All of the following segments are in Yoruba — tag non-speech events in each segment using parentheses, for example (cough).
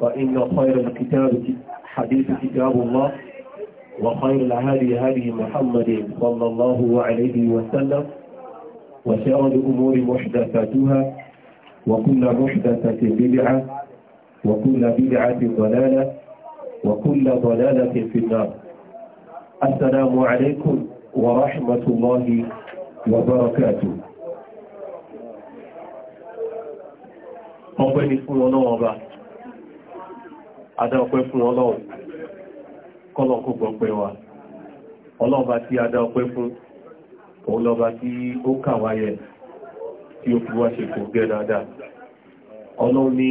فإن خير الكتاب حديث كتاب الله وخير الهدي هادي محمد صلى الله عليه وسلم وشر الأمور محدثاتها وكل محدثة بدعة وكل بدعة ضلالة وكل ضلالة في النار السلام عليكم ورحمة الله وبركاته ọpẹ́ ni fún ọlọ́run ọba adá ọpẹ́ fún ọlọ́run kọ́lọ̀ gbọ́pẹ́ wa ọlọ́ọba tí adá ọpẹ́ fún òun lọ́ba tí ó tí ó fi wá ṣe kò gẹ́ dáadáa ni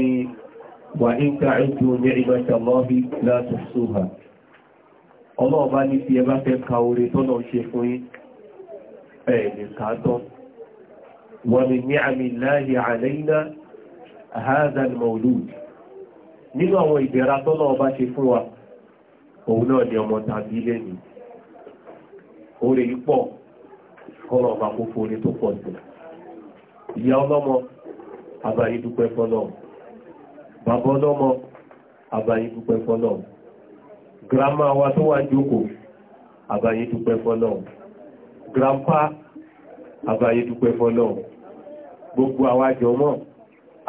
wà ń ká ẹjọ́ ní lọ́bí láti ka tọ́nà ṣe fún àmì hadha al-mawlud nínú àwọn ìdẹ̀ra tọ́nà ọba ṣe fún wa òun náà ni ọmọ tàbí lẹ́nu orí pọ̀ kọ́nà ọba kó fún orí tó pọ̀ sí ìyá ọlọ́mọ àbáyédúpẹ́ fọ́nà bàbá ọlọ́mọ àbáyédúpẹ́ fọ́nà grandma wa tó wà jókòó àbáyédúpẹ́ fọ́nà grandpa àbáyédúpẹ́ fọ́nà gbogbo àwájọ mọ́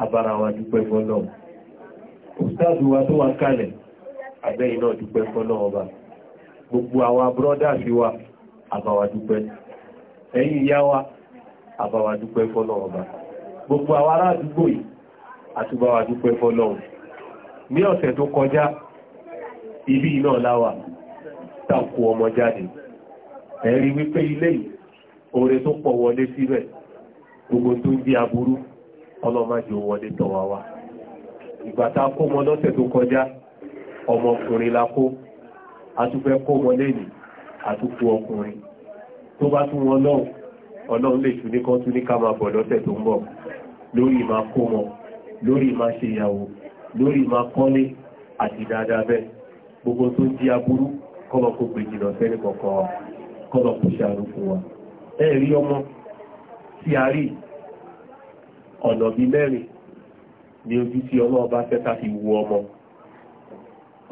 abára wa dúpẹ́ fọ́lọ́ òstáàdù wa tó wà kalẹ̀ abẹ́yìn náà dúpẹ́ fọ́lọ́ ọba gbogbo àwa broda fi wa àbáwa dúpẹ́ ẹ̀yin ìyá ọba gbogbo àwa ará àdúgbò yìí dúpẹ́ fọ́lọ́ ní ọ̀sẹ̀ tó kọjá ibi náà láwà tàkù ọmọ jáde ẹ̀rí wípé ilé yìí oore tó pọ̀ gbogbo tó ń ọlọ́májú wọlé tọ̀wà wá ìgbàta kó mọ lọ́sẹ̀ tó kọjá ọmọkùnrin la kó atúfẹ́ kó mọ lẹ́nì àtúkú ọkùnrin tó bá tún wọn lọ́hùn ọlọ́run lè ṣù ní kan tún ní ká máa bọ̀ lọ́sẹ̀ tó ń bọ̀ lórí máa kó mọ lórí máa ṣe ìyàwó lórí máa kọ́lé àti dáadáa bẹ́ẹ̀ gbogbo tó di aburú kọ́lọ̀ kó gbèjì lọ sẹ́ni kọ̀ọ̀kan kọ́lọ̀ kó ṣàrùkù wa ẹ̀rí ọmọ tí a rí ọ̀nà bíi mẹ́rin ni ojú tí ọlọ́run bá fẹ́ ká fi wo ọmọ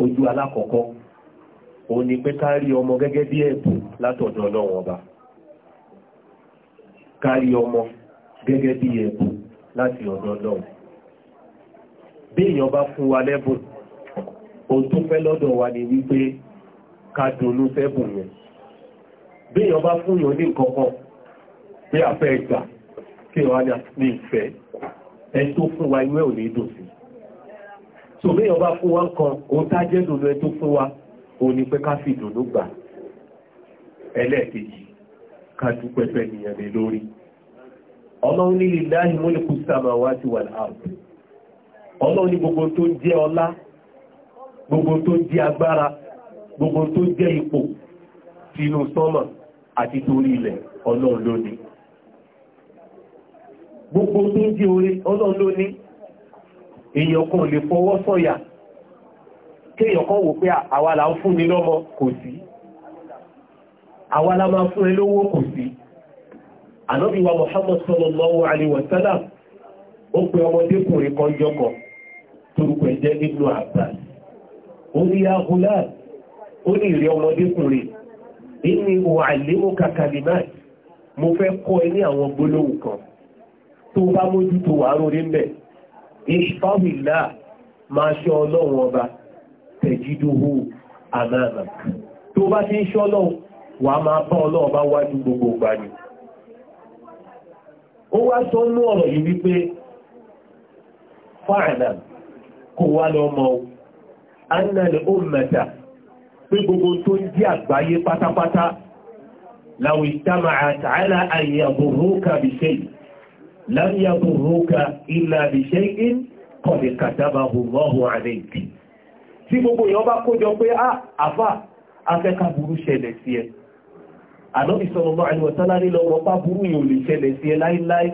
ojú alákọ̀ọ́kọ́ ó ní pé ká rí ọmọ gẹ́gẹ́ bí ẹ̀bùn látọ̀dọ̀ ọlọ́run ọba ká rí ọmọ gẹ́gẹ́ bí ẹ̀bùn láti ọ̀dọ̀ ọlọ́run bí èèyàn bá fún wa lẹ́bùn ohun tó fẹ́ lọ́dọ̀ wa ni wípé ká dunnú sẹ́bùn yẹn bí èèyàn bá fún yàn ní nǹkan kan pé àfẹ́ ìgbà kí wọ́n á ní ìfẹ́ ẹni tó fún wa inú ẹ̀ ò ní dùn sí so fún wa kan o tá jẹ́ dùnú ẹni tó fún wa ò ní pé ká fi dùnú gbà ẹlẹ́ẹ̀kejì ká dúpẹ́ fẹ́ ni lé lórí ọlọ́run ní lillahi gbogbo tó ń jẹ́ ọlá gbogbo tó jẹ́ agbára gbogbo tó jẹ́ ipò tinú sọ́mà àti torí ilẹ̀ gbogbo tó ń di orí ọlọ́run ló ní èèyàn kan lè fọwọ́ sọ̀yà kéèyàn kan wò pé àwa la ń fún ni lọ́mọ kò sí àwa la máa fún ẹ lówó kò sí ànábì wa Muhammad sallallahu alaihi wa sallam ó pe ọmọdékùnrin kan jọkọ torúkọ ẹ̀ jẹ́ Ibnu Abbas ó ní ahùlá ó ní ìrẹ́ ọmọdékùnrin inú ìwà àlémọ́kàkàlì náà mo fẹ́ kọ́ ẹ ní àwọn gbólóhùn kan tó bá mójú tó wà rò rí ń bẹ̀ ìṣfáwìlá máa ṣe ọlọ́run ọba tẹ̀jídóhó àmàmà tó bá ti ń ṣe ọlọ́run wà máa bá ọlọ́run bá wájú gbogbo ìgbà ni ó wá sọ nú ọ̀rọ̀ yìí wípé fáànà kò wá lọ mọ́ annal ummata pé gbogbo tó ń jẹ́ àgbáyé pátápátá láwìtámà àtàlà àyàbòrò láyàbò róka ilà ìṣẹ́ in kọ̀dé kàtàbà hùwọ́hù àrẹ́ìkì tí gbogbo èèyàn bá kójọ pé ah, àfà afẹ́ká burú ṣẹlẹ̀ sí ẹ ànábì sallallahu alaihi wasallam ní lọ́wọ́ pa burú yìí ò lè ṣẹlẹ̀ sí ẹ láíláí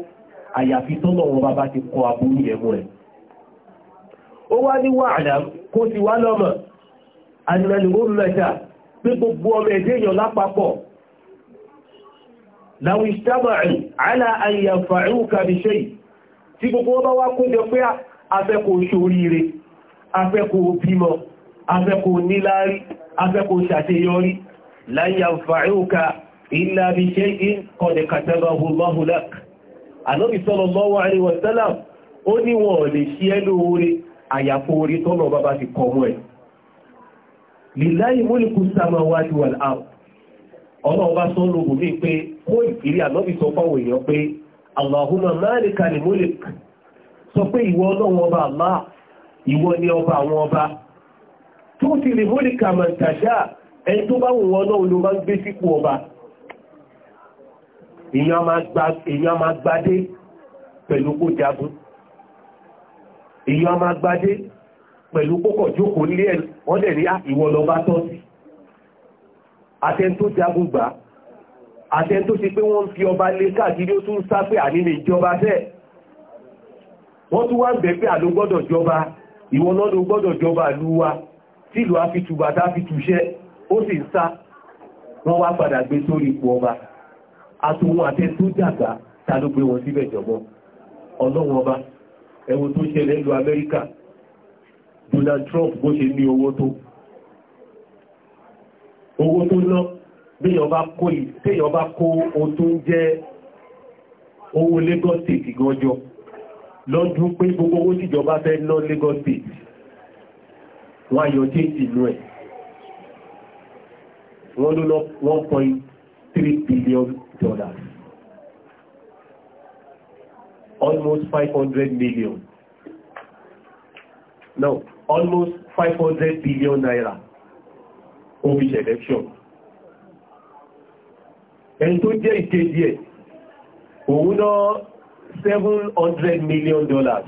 àyàfi tọ́lọ̀wọ́ láwọn ìṣẹ́bàrì àlà àyà fàáúkà bí ṣe tí gbogbo ọba wá kójọ pé afẹ́kò ṣoríire afẹ́kò bímọ afẹ́kò níláárí afẹ́kò ṣàṣeyọrí láyà fàáúkà ilá bí ṣe in kọ̀dẹ̀ kàtàbà Lillahi mulku samawati wal ard ọlọ́run bá tó lóògùn bíi pé kó ìrírí ànábì sọ fáwọn èèyàn pé Allahumma malikal mulk sọ pé ìwọ ọlọ́run ọba àmá ìwọ ni ọba àwọn ọba tó ti lè múlìkà mọ̀tàṣá ẹni tó bá wù wọn náà ló máa ń gbé sípò ọba èèyàn máa gbadé pẹ̀lú kó jagun èèyàn máa gbadé pẹ̀lú kókọ̀ àtẹn tó jagun gbà àtẹn tó ṣe pé wọ́n ń fi ọba lé káàkiri ó tún sá pé ànílè ìjọba fẹ́ wọ́n tún wá ń bẹ̀ pé àló gbọ́dọ̀ jọba ìwọ náà ló gbọ́dọ̀ jọba ìlú wa tílùú àfitùbàtà fitùṣẹ́ ó sì ń sá wọ́n wá padà gbé sórí ipò ọba àtòun àtẹn tó jàgbá ta ló gbé wọn síbẹ̀ jọ̀bọ́ ọlọ́run ọba ẹ̀wọ̀n tó ṣẹlẹ̀ ìlú Amẹ́ríkà Donald Trump bó ṣe ní owó tó owó tó ná téèyàn bá kó o tó ń jẹ́ owó Lagos State gọjọ lọ́dún pé gbogbo owó tíjọba fẹ́ ná Lagos State wọ́n ayọ̀ tí ìlú ẹ̀ wọ́n ló lọ 1.3 billion dollars almost 500 million no almost 500 billion naira ó fi election ẹni tó jẹ́ ìkejì ẹ̀ òun náà seven hundred million dollars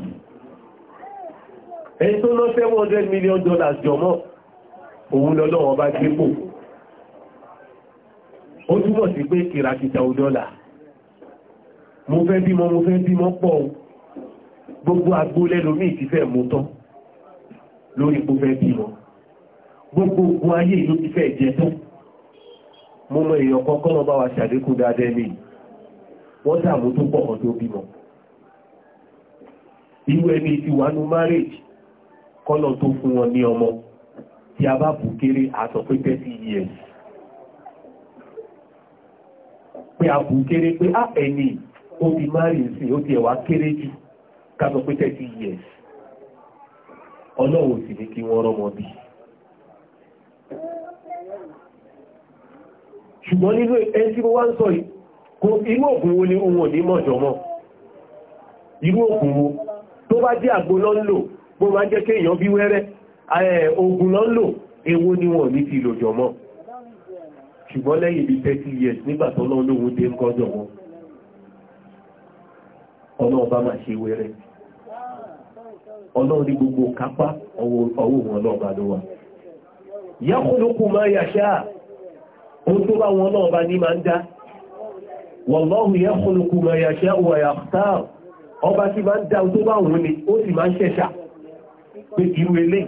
ẹni tó ná 700 hundred million dollars jọmọ́ òun lọ lọ́wọ́ bá gbépò ó túmọ̀ sí pé kìràkìtà ò dọ́là mo fẹ́ bímọ mo fẹ́ bímọ pọ̀ o gbogbo agbólẹ́lómi ti fẹ́ mú tán lórí pé fẹ́ bímọ gbogbo ogun ayé ló ti fẹ́ jẹ tán mo mọ èèyàn kan kọ́nà bá wa ṣàdékù dáadẹ́ ní wọ́n dààmú tó pọ̀ kan tó bímọ irú ẹni ti wà nú marriage kọ́nà tó fún wọn ní ọmọ tí a bá bù kéré àtọ̀ pé thirty years pé a bù kéré pé á ah, ẹni ti marry sí ó ti ẹ̀wà kéré jù pé years sì ní kí wọ́n rọ́mọ bíi ṣùgbọ́n nínú ẹni tí mo wá ń sọ yìí kò inú òkun wo ni ohun òní mọ̀jọ̀ mọ́ inú òkun wo tó bá jẹ́ àgbo lọ ń lò bó máa jẹ́ kí èèyàn bí wẹ́rẹ́ ogun lọ ń lò èwo ni wọn ní ti lòjọ mọ́ ṣùgbọ́n lẹ́yìn bí 30 years nígbà tó lọ lóhun dé ń kọjọ wọn ọlọ́run bá máa ṣe wẹ́rẹ́ ó tó bá wọn náà bá ní máa ń dá wallahu yakhluqu ma yasha'u wa yakhtar ọba tí máa ń dá tó bá wọn ni ó sì máa ń ṣẹ̀ṣà pé irú ilé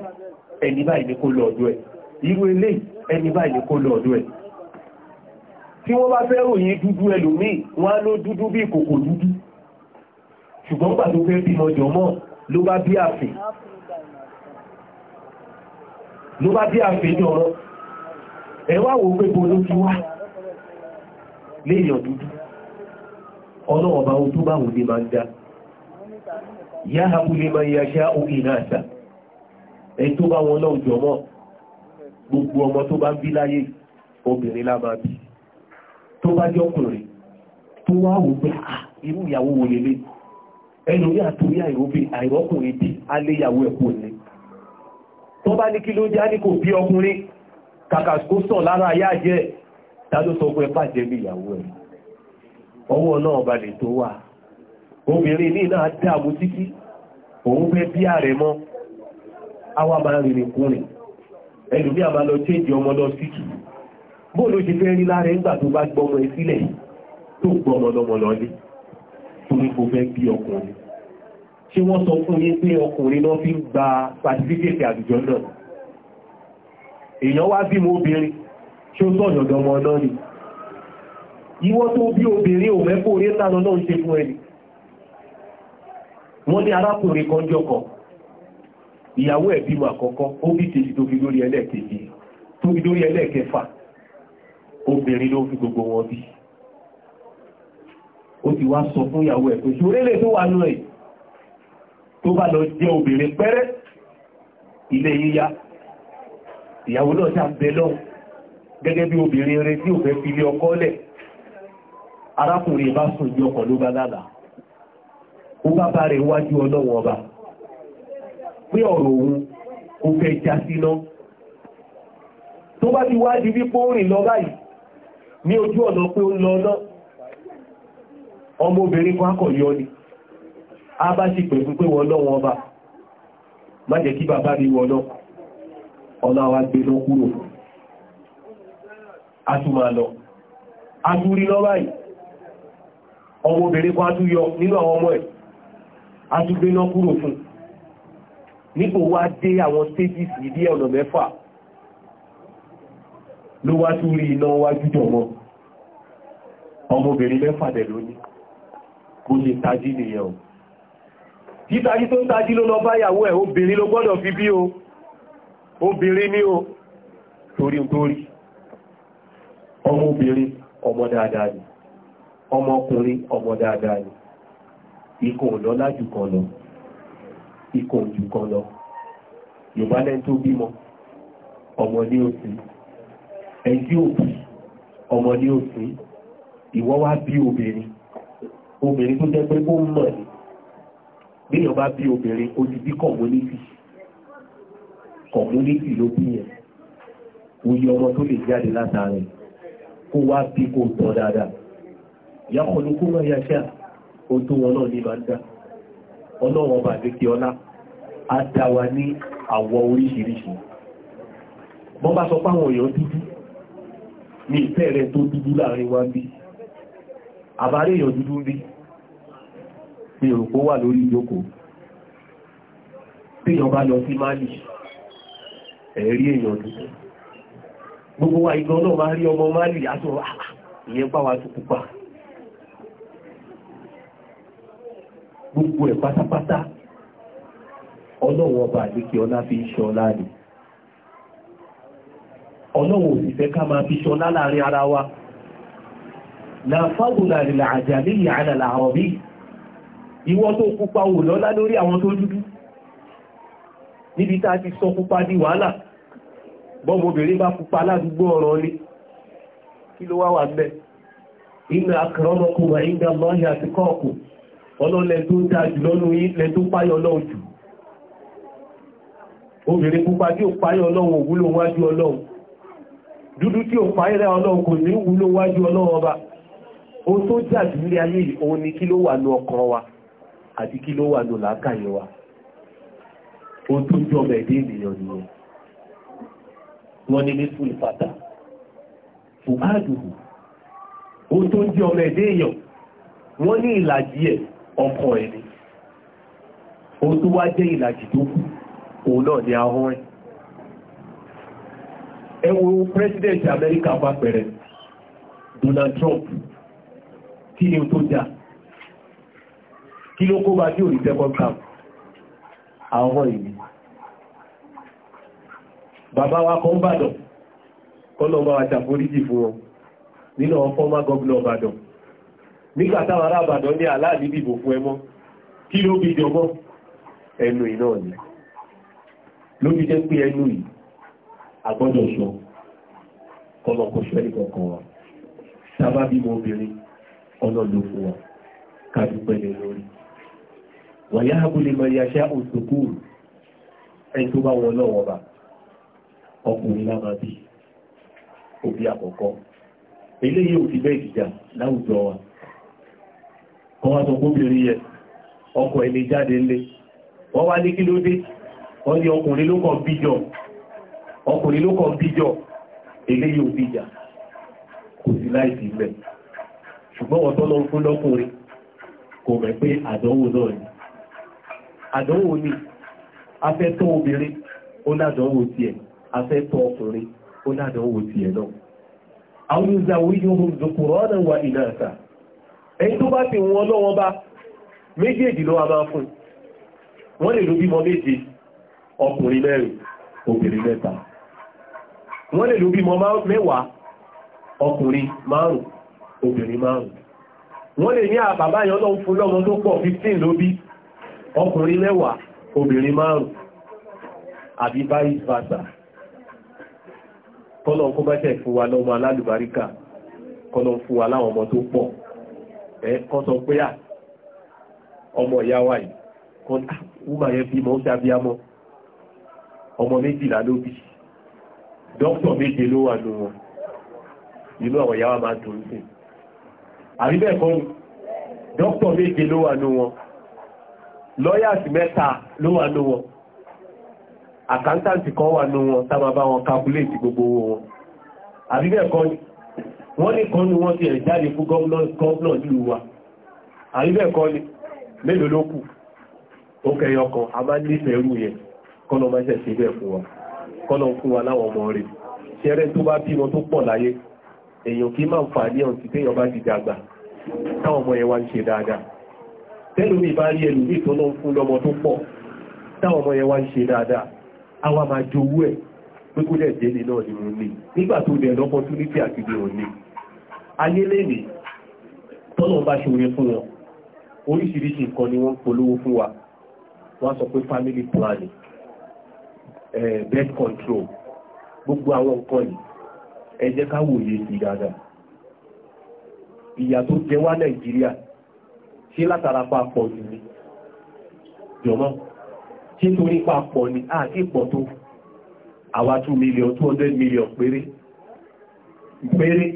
ẹni báyìí ni kó lọ ọ̀dọ̀ ẹ̀ irú ilé ẹni báyìí ni kó lọ ọ̀dọ̀ ẹ̀ tí wọ́n bá fẹ́ ròyìn dúdú ẹlòmíì wọ́n á ló dúdú bí kòkò dúdú ṣùgbọ́n pàtó fẹ́ bímọ jọmọ́ ló ló bá bí àfẹ́ jọmọ́ ẹwà wo pé bó ló ti wá léèyàn dúdú ọlọ́ọ̀bá ojú báwo ni máa ń dá yahabu liman yasha'u inasa ẹ tó bá wọn náà jọmọ gbogbo ọmọ tó bá ń bí láyé obìnrin lá máa bí tó bá jọkùnrin tó wá wò pé ah, irú ìyàwó wo lélẹ́yìí ẹnu ní àtúrí àìróbí àìrọ́kùnrin bí aléyàwó ẹ̀kú ní tó bá ní kí ló jẹ́ ní kò bí ọkùnrin kàkàkó sàn lára ayá jẹ́ ta ló sọ pé bàjẹ́ bí ìyàwó ẹ̀ ọwọ́ náà balẹ̀ tó wà obìnrin ní náà dáàmú títí òun fẹ́ bí ààrẹ mọ́ àwa máa rìnrìn kúrìn ẹlùmí àmà lọ chéjì ọmọ lọ síkì bó ló ṣe fẹ́ rí lára ńgbà tó bá gbọmọ ẹ sílẹ̀ tó gbọmọ lọmọ lọlé torí kò fẹ́ bí ọkùnrin ṣé wọ́n sọ fún yín pé ọkùnrin náà fi ń gba pàtífíkèsì àwùjọ náà èèyàn wá bímọ obìnrin tí ó tọ́ ọ̀yọ̀dọ̀ ọmọ náà ni ìwọ tó bí obìnrin ò mẹ́kò orí ńlànà náà ń ṣe fún ẹni wọ́n ní arákùnrin kan jọkọ̀ ìyàwó ẹ̀ bímọ àkọ́kọ́ ó bí kejì tó fi lórí ẹlẹ́ẹ̀kejì tó fi lórí ẹlẹ́ẹ̀kẹfà obìnrin ló fi gbogbo wọn bí ó ti wá sọ fún ìyàwó ẹ̀ pé ṣorélè tó wà náà tó bá lọ jẹ́ obìnrin pẹ́rẹ́ ilé yíyá ìyàwó náà ṣà ń bẹ lọ́hùn gẹ́gẹ́ bí obìnrin rẹ tí ò fẹ́ fi ilé ọkọ lẹ̀ arákùnrin bá sùn ní ọkọ̀ ló bá lálà ó bá bá rẹ̀ wájú ọlọ́wọ́ ọba pé ọ̀rọ̀ òun ó fẹ́ já síná tó bá ti wá di rìn lọ báyìí ní ojú ọ̀nà pé ó lọ náà ọmọbìnrin kan akọ̀ ni a bá ṣe pẹ̀lú pé wọ́n lọ́wọ́ ọba má jẹ́ kí bàbá mi wọ́n náà ọláwà gbé lọ kúrò atúmà lọ atúrí lọ báyìí ọmọbìnrin kan atúyọ nínú àwọn ọmọ ẹ̀ atúgbé lọ kúrò fún nípò wá dé àwọn stages ìdí ọ̀nà mẹ́fà ló wá túrí iná wájú jọmọ ọmọbìnrin mẹ́fà dẹ̀ lónìí kó lè tají nìyẹn o títají tó ń tají ló lọ báyàwó ẹ̀ obìnrin ló gbọ́dọ̀ fi bí o obìnrin ni o torí torí ọmọ obìnrin ọmọ dáadáa ni ọmọkùnrin ọmọ dáadáa ni ikọ̀ lọ lájú kan lọ ikọ̀ jù kan lọ yorùbá lẹ́ni tó bímọ ọmọ ní òsì ẹjí òbí ọmọ ní òsì ìwọ wá bí obìnrin obìnrin tó jẹ́ pé ó mọ̀ ní bí èèyàn bí obìnrin ó ti bí kọ̀wé níbi kọ̀múnítì ló bí yẹn òye ọmọ tó lè jáde látàrí kó wá bí kó tọ́ dáadáa yàkọ̀lù kó máa ya ṣáà ó tó wọn náà ní máa ń dá ọlọ́wọ́n bá lè kí ọlá á dá wa ní àwọ̀ oríṣiríṣi wọ́n bá sọ páwọn èèyàn dúdú ní ìfẹ́ rẹ̀ tó dúdú láàrin wa bí àbárí èèyàn dúdú ń bí ní òrùkó wà lórí ìjókòó tí èèyàn bá lọ sí Mali ẹ̀rí èèyàn dúdú gbogbo wa ìgbọ́n náà ma rí ọmọ Málì aṣọ ah, ah, ìyẹn bá wa tó pupa gbogbo ẹ̀ pátápátá ọlọ́wọ́ ọba àdékè ọlá fi ń ṣọlá ni ọlọ́wọ́ òṣìṣẹ́ ká máa fi ṣọlá láàrin ara wa lórí àwọn tó dúdú níbi tá ti sọ pupa di wàhálà bọ́mọbìnrin bá pupa ládùúgbò ọ̀rọ̀ ni kí ló wá wà bẹ́ẹ̀ inna akramakum inda Allahi atqakum ọlọ́lẹ̀ tó dá jùlọ lórílẹ̀ tó páyọ lọ́wọ́ jù obìnrin pupa tí ó páyọ lọ́wọ́ òwúlò wájú ọlọ́wọ́ dúdú tí ó páyẹ ọlọ́wọ́ kò ní wúlò wájú ọlọ́wọ́ ọba o tó jà jùlẹ̀ ayé òun ni kí ló wà ní ọkàn wa àti kí ló wà ní làákàyè wa ó tó jọ ọmọ ẹ̀dẹ́ ènìyàn nìyẹn wọ́n ní ní fún ìfàtà fún àdùnnù ó tó jẹ ọmọ ẹ̀dẹ́ èèyàn wọ́n ní ìlàjì ẹ̀ ọkọ̀ ẹ̀ ni ó tó wá jẹ́ ìlàjì tó kù òun náà ni ahọ́n ẹ̀ ẹ wo pírẹsidẹ̀ntì amẹ́ríkà bá pẹ̀rẹ̀ Donald Trump kí ni tó dáa kí ló kó bá tí ò ní second camp ìlú bàbá wa kan bàdàn kọ́lọ́mbà wa ṣàforíjì fún wọn nínú ọmọ fọ́mà gọ́ọ̀nà bàdàn nígbà táwọn ará bàdàn ní aláàbí dìbò fún ẹmọ́ kí ló bí jọmọ́ ẹnu iná ni ló bí jẹ́ pé ẹnu yìí agbọ́dọ̀ sọ kọlọ̀kọ̀ṣọ́ ẹnìkọ̀ọ̀kan wa sábà bímọ obìnrin ọlọ́lọ́ fún wa kàdúpẹ́ ẹni tó bá wọn lọ́wọ́ bàbá ọkùnrin lára bí òbí àkọ́kọ́ eléyìí ò fi bẹ́ẹ̀ jìjà láwùjọ wa kan wá sọ kóbìnrin yẹ ọkọ ilé jáde ńlé wọ́n wá ní kí ló dé wọ́n ní ọkùnrin ló kàn bíjọ ọkùnrin ló kàn bíjọ eléyìí ò bíjà kò sí láìsí ilẹ̀ ṣùgbọ́n wọ́n tọ́lọ fún lọ́kùnrin kò mẹ́ pé àdánwò náà ni àdánwò ni afẹ́tọ́ obìnrin ó ládánwò tiẹ̀ afẹ́tọ̀ ọkùnrin ó ládánwò tiẹ̀ náà àwọn ìzàwò ìyóhùn zòkòrò ọ̀nà wà ìlà àṣà ẹni tó bá ti wọn lọ́wọ́ bá méjèèjì ló wà máa fún wọ́n lè ló bímọ méje ọkùnrin mẹ́rin obìnrin mẹ́ta wọ́n lè ló bímọ mẹ́wàá ọkùnrin márùn obìnrin márùn wọ́n lè ní àbàbá yọ lọ́wọ́ fún lọ́mọ tó pọ̀ 15 ló bí ọkùnrin mẹ́wàá obìnrin márùn àbí vice versa kọ́lọ̀ kó bá tẹ̀ fún wa lọ́mọ alálùbáríkà kọ́lọ̀ fún wa láwọn ọmọ tó pọ̀ ẹ kọ́ sọ pé à ọmọ ìyá wa yìí kọ́ wúmà yẹn bímọ ó ṣàbíamọ ọmọ méjìlá ló bí dókítà méje ló wà nù inú àwọn ìyá wa máa dùn sí àríbẹ̀ kan dókítà méje ló wà nù lọ́yàsì mẹ́ta ló wà nù àkántàntì kan wà ní wọn tá máa bá wọn calculate gbogbo owó wọn àbíbẹ̀ kan ni wọ́n ní kan ní wọ́n ti ẹ̀ jáde fún gọ́ọ̀nà ìlú wa àbíbẹ̀ kan ni mélòó ló kù ó kẹyọ kan a máa nífẹ̀ẹ́ rú yẹn kọ́nà máa ṣẹ̀ síbẹ̀ fún wa kọ́nà fún wa láwọn ọmọ rẹ̀ ṣẹ́rẹ́ tó bá rí ẹlòmíì tó náà ń fún lọ́mọ tó pọ̀ táwọn ọmọ yẹn wá ń ṣe dáadáa àwa máa jowú ẹ̀ pé kó dẹ̀ jẹ́ ní náà ni mo ní nígbà tó dẹ̀ lọ́pọ̀túnítì àti bí wọn ní ayé lẹ́nìí tọ́nà bá ṣe orin fún wọn oríṣiríṣi family planning birth control gbogbo àwọn nǹkan yìí ẹ jẹ́ ká wòye sí dáadáa ìyà tó jẹ wá tí torí papọ̀ ní àti pọ̀ tó àwa 2 million 200 million péré péré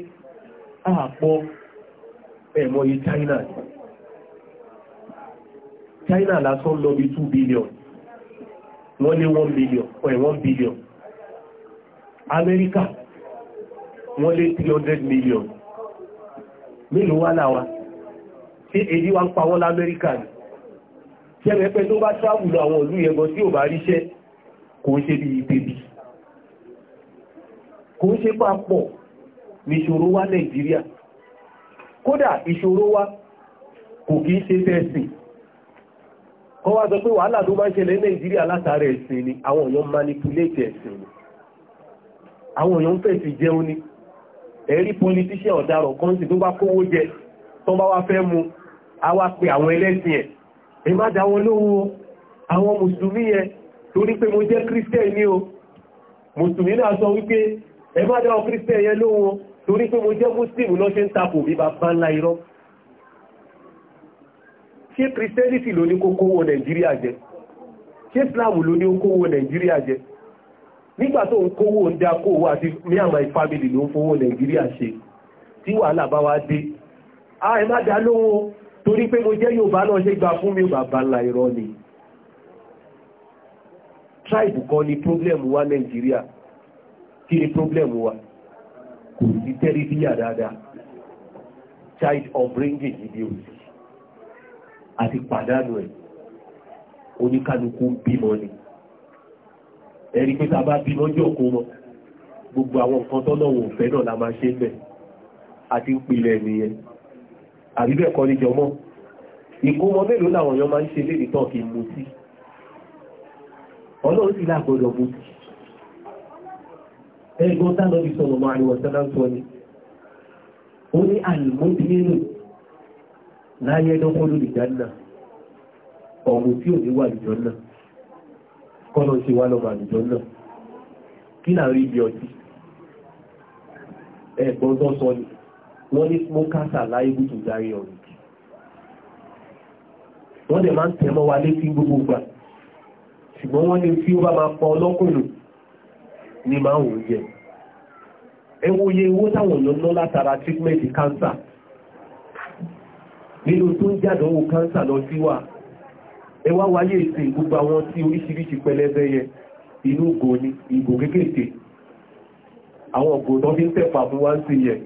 àpọ̀ ẹ̀mọ̀ye China China lásán lọ bí 2 billion wọ́n lé 1 million, ọ̀ 1 billion Amẹ́ríkà wọ́n lé 300 million mélòó wá láwa tí èyí wá ń pa wọ́n l'Amẹ́ríkà ni ṣẹ́rẹ̀ pẹ́ tó bá ṣáàbùlọ àwọn ìlú yẹn gan tí ò bá ríṣẹ́ kò ń ṣe bí ìpèbí kò ń ṣe bá pọ̀ ní ìṣòro Nàìjíríà kódà ìṣòro wa kò kí ṣe fẹ́ẹ̀sìn kọ́ wá sọ pé wàhálà tó bá ń ṣẹlẹ̀ Nàìjíríà látàrí ẹ̀sìn ni àwọn èèyàn manipulate ẹ̀sìn ni àwọn èèyàn fẹ́ ti jẹun ni ẹ̀rí politician ọ̀daràn kan sì tó bá kówó jẹ tó bá wá fẹ́ mu a wá pe àwọn ẹlẹ́sìn ẹ̀ ìmáda wọn lówó àwọn mùsùlùmí yẹn torí pé mo jẹ́ kírísítẹ̀ ní o mùsùlùmí náà sọ wípé ẹmáda wọn kírísítẹ̀ yẹn lówó torí pé mo jẹ́ mùsùlùmí lọ ṣe ń tapò bí bàbá ńlá irọ́ ṣé kírísítẹ́lìtì ló ní kókó wọ nàìjíríà jẹ ṣé ìsìláàmù ló ní ó kówó nàìjíríà jẹ nígbà tó ń kówó ń dá kówó àti ní àmà ló ń fowó nàìjíríà ṣe tí wàhálà bá wá dé a ẹ lówó torí pé mo jẹ́ Yorùbá náà ṣe gbà fún mi bàbá ńlá irọ́ ni tribe kan ni problem wa Nàìjíríà kí ni problem wa kò sí tẹ́rìbíyà dáadáa child upbringing ìdí òsì àti pàdánù ẹ̀ oníkálukú bímọ ni ẹ̀rí pé tá bá bímọ jọ́ kó mọ́ gbogbo àwọn nǹkan tọ́lọ́wọ̀ fẹ́ náà la máa ṣe bẹ̀ àti ń pilẹ̀ nìyẹn àbíbẹ̀ kọ́ ní jọmọ́ ìkómọ mélòó làwọn èèyàn máa ń ṣe léde tán kí n sí ọlọ́run sì lágbọ́dọ̀ mu sí ẹgbọ́n tánàbí ni ó ní àlùmọ́dínlẹ́rù láyé ẹ̀dọ́kọ́ lórí ìdáná tí ò ní wà náà kọ́nà náà ni wọ́n ní smokers are liable to die on it wọ́n dẹ̀ máa ń tẹ̀mọ́ wa létí gbogbo gbà ṣùgbọ́n wọ́n ní tí ó bá máa pa ọlọ́kùnrin ní máa ń wọ́n jẹ ẹ wo iye owó táwọn èèyàn ná látara treatment cancer nínú tó ń jàdánwò cancer lọ sí wa ẹ wá wáyé ìsìn gbogbo àwọn tí oríṣiríṣi pẹlẹbẹ yẹn inú ìgò ni ìgò kéékèèké àwọn ọ̀gùn tó fi ń tẹ̀pà fún wa ń sìn yẹn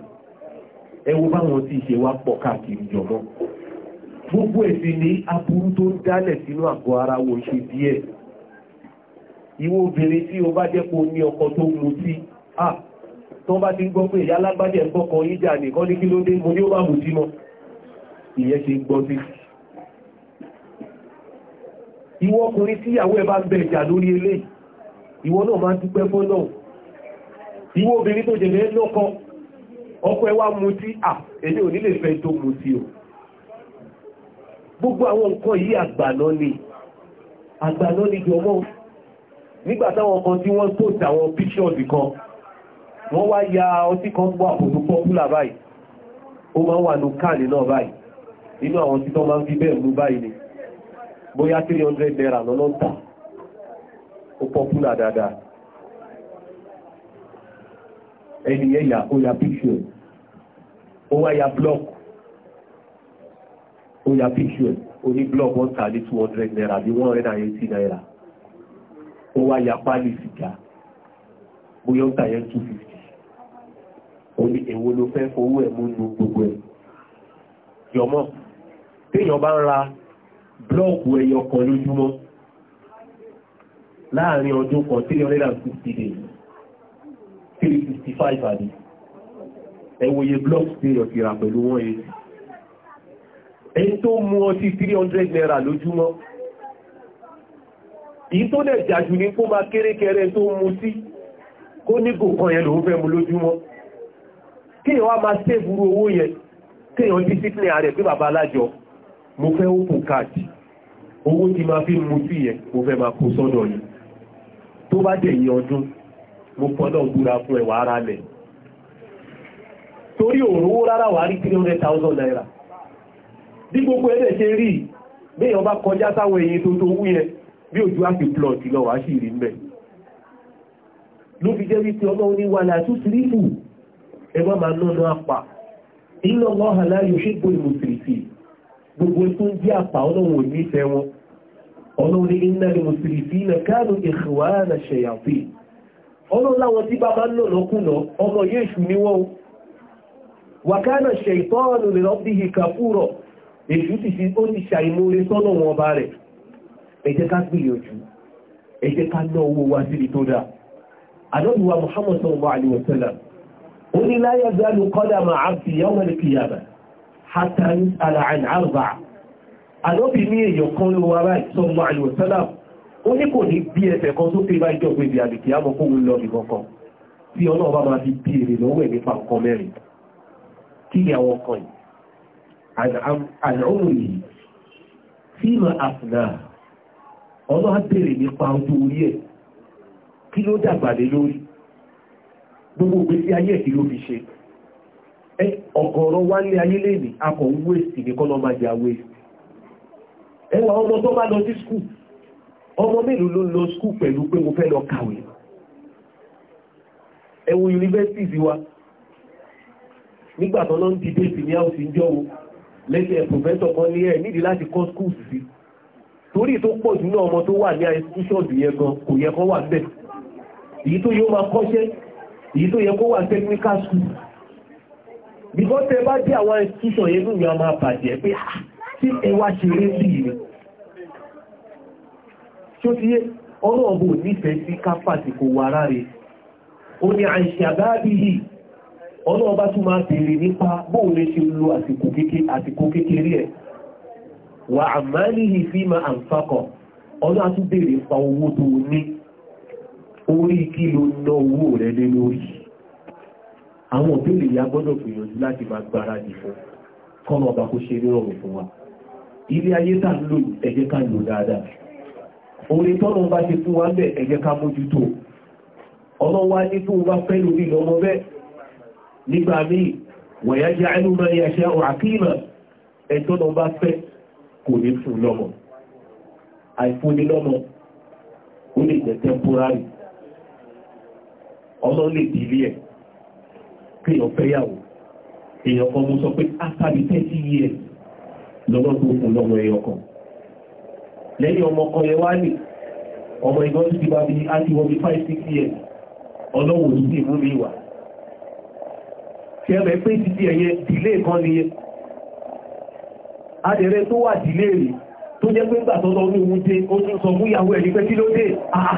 ẹwọ báwọn tí ṣe wá pọ̀ káàkiri jọmọ́ gbogbo èsì ní aburú tó ń dálẹ̀ sínú àgọ́ ara wo ṣe díẹ̀ ìwọ obìnrin tí o bá jẹ́pọ̀ ní ọkọ tó mu sí à tó bá ti gbọ́ pé ìyá alágbájẹ̀ ń bọ́kọ ìjà nìkan ní kí ló dé mo ní ó bá mú sí ìyẹn ṣe gbọ́ sí ìwọ ọkùnrin tí ìyàwó ẹ bá ń bẹ ìjà lórí eléyìí ìwọ náà máa dúpẹ́ fọ́nà ìwọ obìnrin tó jẹ̀lẹ́ lọ́kọ̀ọ́ ọkọ ẹ wá mutí à èyí ò nílè fẹ́ tó mutí o gbogbo àwọn nǹkan yìí àgbàná ni àgbàná ni jọmọ́ nígbà táwọn kan tí wọ́n post àwọn pictures kan wọ́n wá ya ọtí kan gbọ́ àpòtò popular báyìí ó máa ń wà ní káàlì náà báyìí inú àwọn tí máa ń fi bẹ́ẹ̀ mú báyìí ni bóyá 300 naira lọ́nà ń tà ó popular dáadáa ẹni yẹn yà ó ya picture ó wá ya block ó ya picture ó ní block wọ́n tà ní two hundred naira bí one hundred and eighty naira ó wá ya pálí sìgá bóyá ó tà yẹn two fifty ní èwo ló fẹ́ fowó ẹ̀ mú nu gbogbo ẹ̀ yọmọ téèyàn bá ń ra blọ́ọ̀kù ẹyọ kan lójúmọ́ láàrin ọdún kan three days 365 àdì ẹwòye block period ìrà pẹ̀lú wọ́n yìí ẹni tó mú ọtí 300 naira lójúmọ́ èyí tó lẹ̀ jàjù ní kó máa kérékẹrẹ tó mú sí kó ní kò kan yẹn lòun fẹ́ mú lójúmọ́ kíyàn wá máa ṣe burú owó yẹn kíyàn discipline ààrẹ pé bàbá alájọ mo fẹ́ open card owó tí máa fi mú sí yẹn mo fẹ́ máa kó sọ́dọ̀ yìí tó bá dẹ̀ yí ọdún mo fọ́lọ̀ búra fún ẹwà ara lẹ̀ torí òrówó rárá wà rí 300,000 naira bí gbogbo ẹ̀dẹ̀ ṣe rí béèyàn bá kọjá sáwọn èyí tó tó wú yẹn bí ojú á fi plọ̀t lọ wá sí ìrí mbẹ̀ ló fi jẹ́ wípé ọmọ oníwà látú sírífù ẹ má máa nánà apà iná lọ́hàn láyò ṣe gbòòrò mùsùlùmí gbogbo tó ń jẹ́ apà ọlọ́run ò nífẹ̀ẹ́ wọn ọlọ́run ní iná ni mùsùlùmí náà káàdùn ìhùwà náà ṣẹ̀yàfẹ́ ọlọ́run láwọn tí bàbá ń lò lọ́kùnà ọmọ yéṣù ni wọ́n wàkánà ṣe ìtọ́ọ̀nù lè rọ́bí ìkàfúrọ̀ èṣù ti fi ó ti ṣàìmóore sọ́nà wọn ọba rẹ̀ ẹ jẹ́ ká gbìyànjú ẹ jẹ́ ká ná owó wa síbi tó dáa àdọ́dùwà Muhammad sallallahu alaihi wasallam ó ní la yazalu qadama abdi yawm al ó ní kò ní bí ẹsẹ̀ kan tó fi bá ìjọ pé ibi àdìkì á mọ́ fóun lọ ìbọn kan tí ọlọ́ọ̀bá máa fi bí èrè lọ́wọ́ ẹ̀ nípa nǹkan mẹ́rin kí ni àwọn kan yìí àlọ́rùn yìí tí ma àfìnà ọlọ́wọ́ bèèrè nípa ojú orí ẹ̀ kí ló dàgbà lé lórí gbogbo ìgbésí ayé ẹ̀ kí ló fi ṣe ọ̀gọ̀rọ̀ wá ní ayé lè ní akọ̀ wéèsì ní kọ́nà máa jà wéèsì ẹwà ọmọ tó bá lọ sí skul ọmọ mélòó ló lọ skúù pẹ̀lú pé mo fẹ́ lọ kàwé ẹ wo yunifásitì wa nígbàtọ́ lọ́n ti dé ìsinmi àwọn òsì ń jọ́wọ́ lẹ́sẹ̀ pòfẹ́sọ̀ kan ní ẹ̀ nídìí láti kọ́ skúù sí torí tó pọ̀ jù náà ọmọ tó wà ní àìsíṣọ́ọ̀dù yẹn gan kò yẹ kán wà bẹ́ẹ̀ èyí tó yóò máa kọ́ṣẹ́ èyí tó yẹ kó wà technical school because tẹ bá dé àwọn institution yẹn nínú ìyá tí ó ti yé ọlọ́ọ̀bù nífẹ̀ẹ́ sí káfàtì kò wà ráre ó ní àìṣàbábí yìí ọlọ́ọ̀bá tún máa bèèrè nípa bóòlé ṣe lo àsìkò kékeré ẹ̀ wà àmáàlìhì fi ma àǹfàkọ̀ ọlọ́ọ̀bá tún bèèrè pa owó tó ní orí kí ló ná owó rẹ̀ lé lórí àwọn òbílẹ̀ ìyá gbọ́dọ̀ gbìyànjú láti máa fún ọba kó ṣe fún wa ilé ayé ń lò ká lò orin tọ́nà bá ṣe fún wa bẹ̀ ẹ jẹ́ ká mójútó ọlọ́wà ní fún wa pẹ́lú bí lọ́mọ bẹ́ nígbà míì wọ̀yá jẹ́ àìlúmọ̀ ní àṣẹ àkíyàn ẹ̀tọ́nà bá fẹ́ kò ní fún lọ́mọ àìfúnni lọ́mọ ó lè jẹ́ tẹ́mpúrárì ọlọ́ lè dìlé ẹ̀ pé ọ̀fẹ́yàwó èèyàn kan mú sọ pé ápàdé tẹ́tí yìí ẹ̀ lọ́wọ́ tó fún lọ́mọ ẹyọ kan lẹ́yìn ọmọ kan yẹ wá lè ọmọ ìgbọ́n tó ti bá bí á 5-6 years ọlọ́wọ̀ tó sì mú mi wà ṣe ẹ̀mẹ̀ pé ti ti ẹ̀yẹ dìlé kan ni adẹ̀rẹ tó wà dìlé rẹ̀ tó jẹ́ pé gbà tọ́lọ ní ohun tẹ ó tún sọ fún ìyàwó ẹ̀ ní pé kí ló dé àá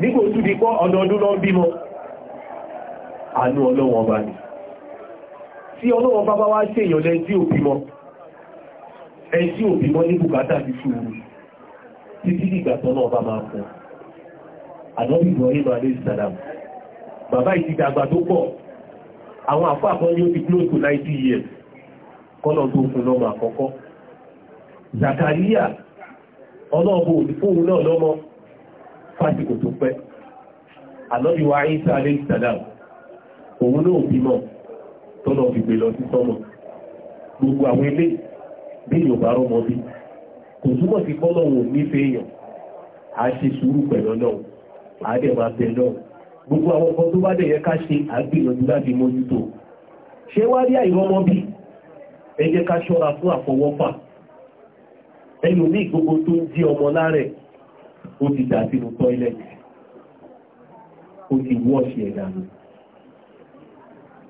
nígbò tún di kọ́ ọdọọdún lọ tí ọlọ́wọ̀n ẹni tí òbí mọ́ ní bùkátà ti ṣòro títí ìgbà tán náà bá máa fún àdọ́bí Ibrahim alayhi salam bàbá yìí ti dàgbà tó pọ̀ àwọn àkọ́ ni ó ti close to 90 years kọ́nà tó fún lọ́mọ àkọ́kọ́ Zakaria na òdìfóhun náà lọ́mọ fásitì tó pẹ́ àdọ́bí wa òun náà tọ́nà gbé lọ sí sọ́mọ gbogbo àwọn eléyìí bí i bá rọ́mọ bí kò sí a ṣe sùúrù náà a náà gbogbo àwọn ọkọ̀ tó bá dẹ̀ yẹ ká ṣe àgbìyànjú láti mójútó Ṣe wá rí bí ẹ jẹ́ ká ṣọ́ra fún àfọwọ́fà ẹnu ní gbogbo tó ń jí ọmọ ti dà sínú ó ti ẹ̀dà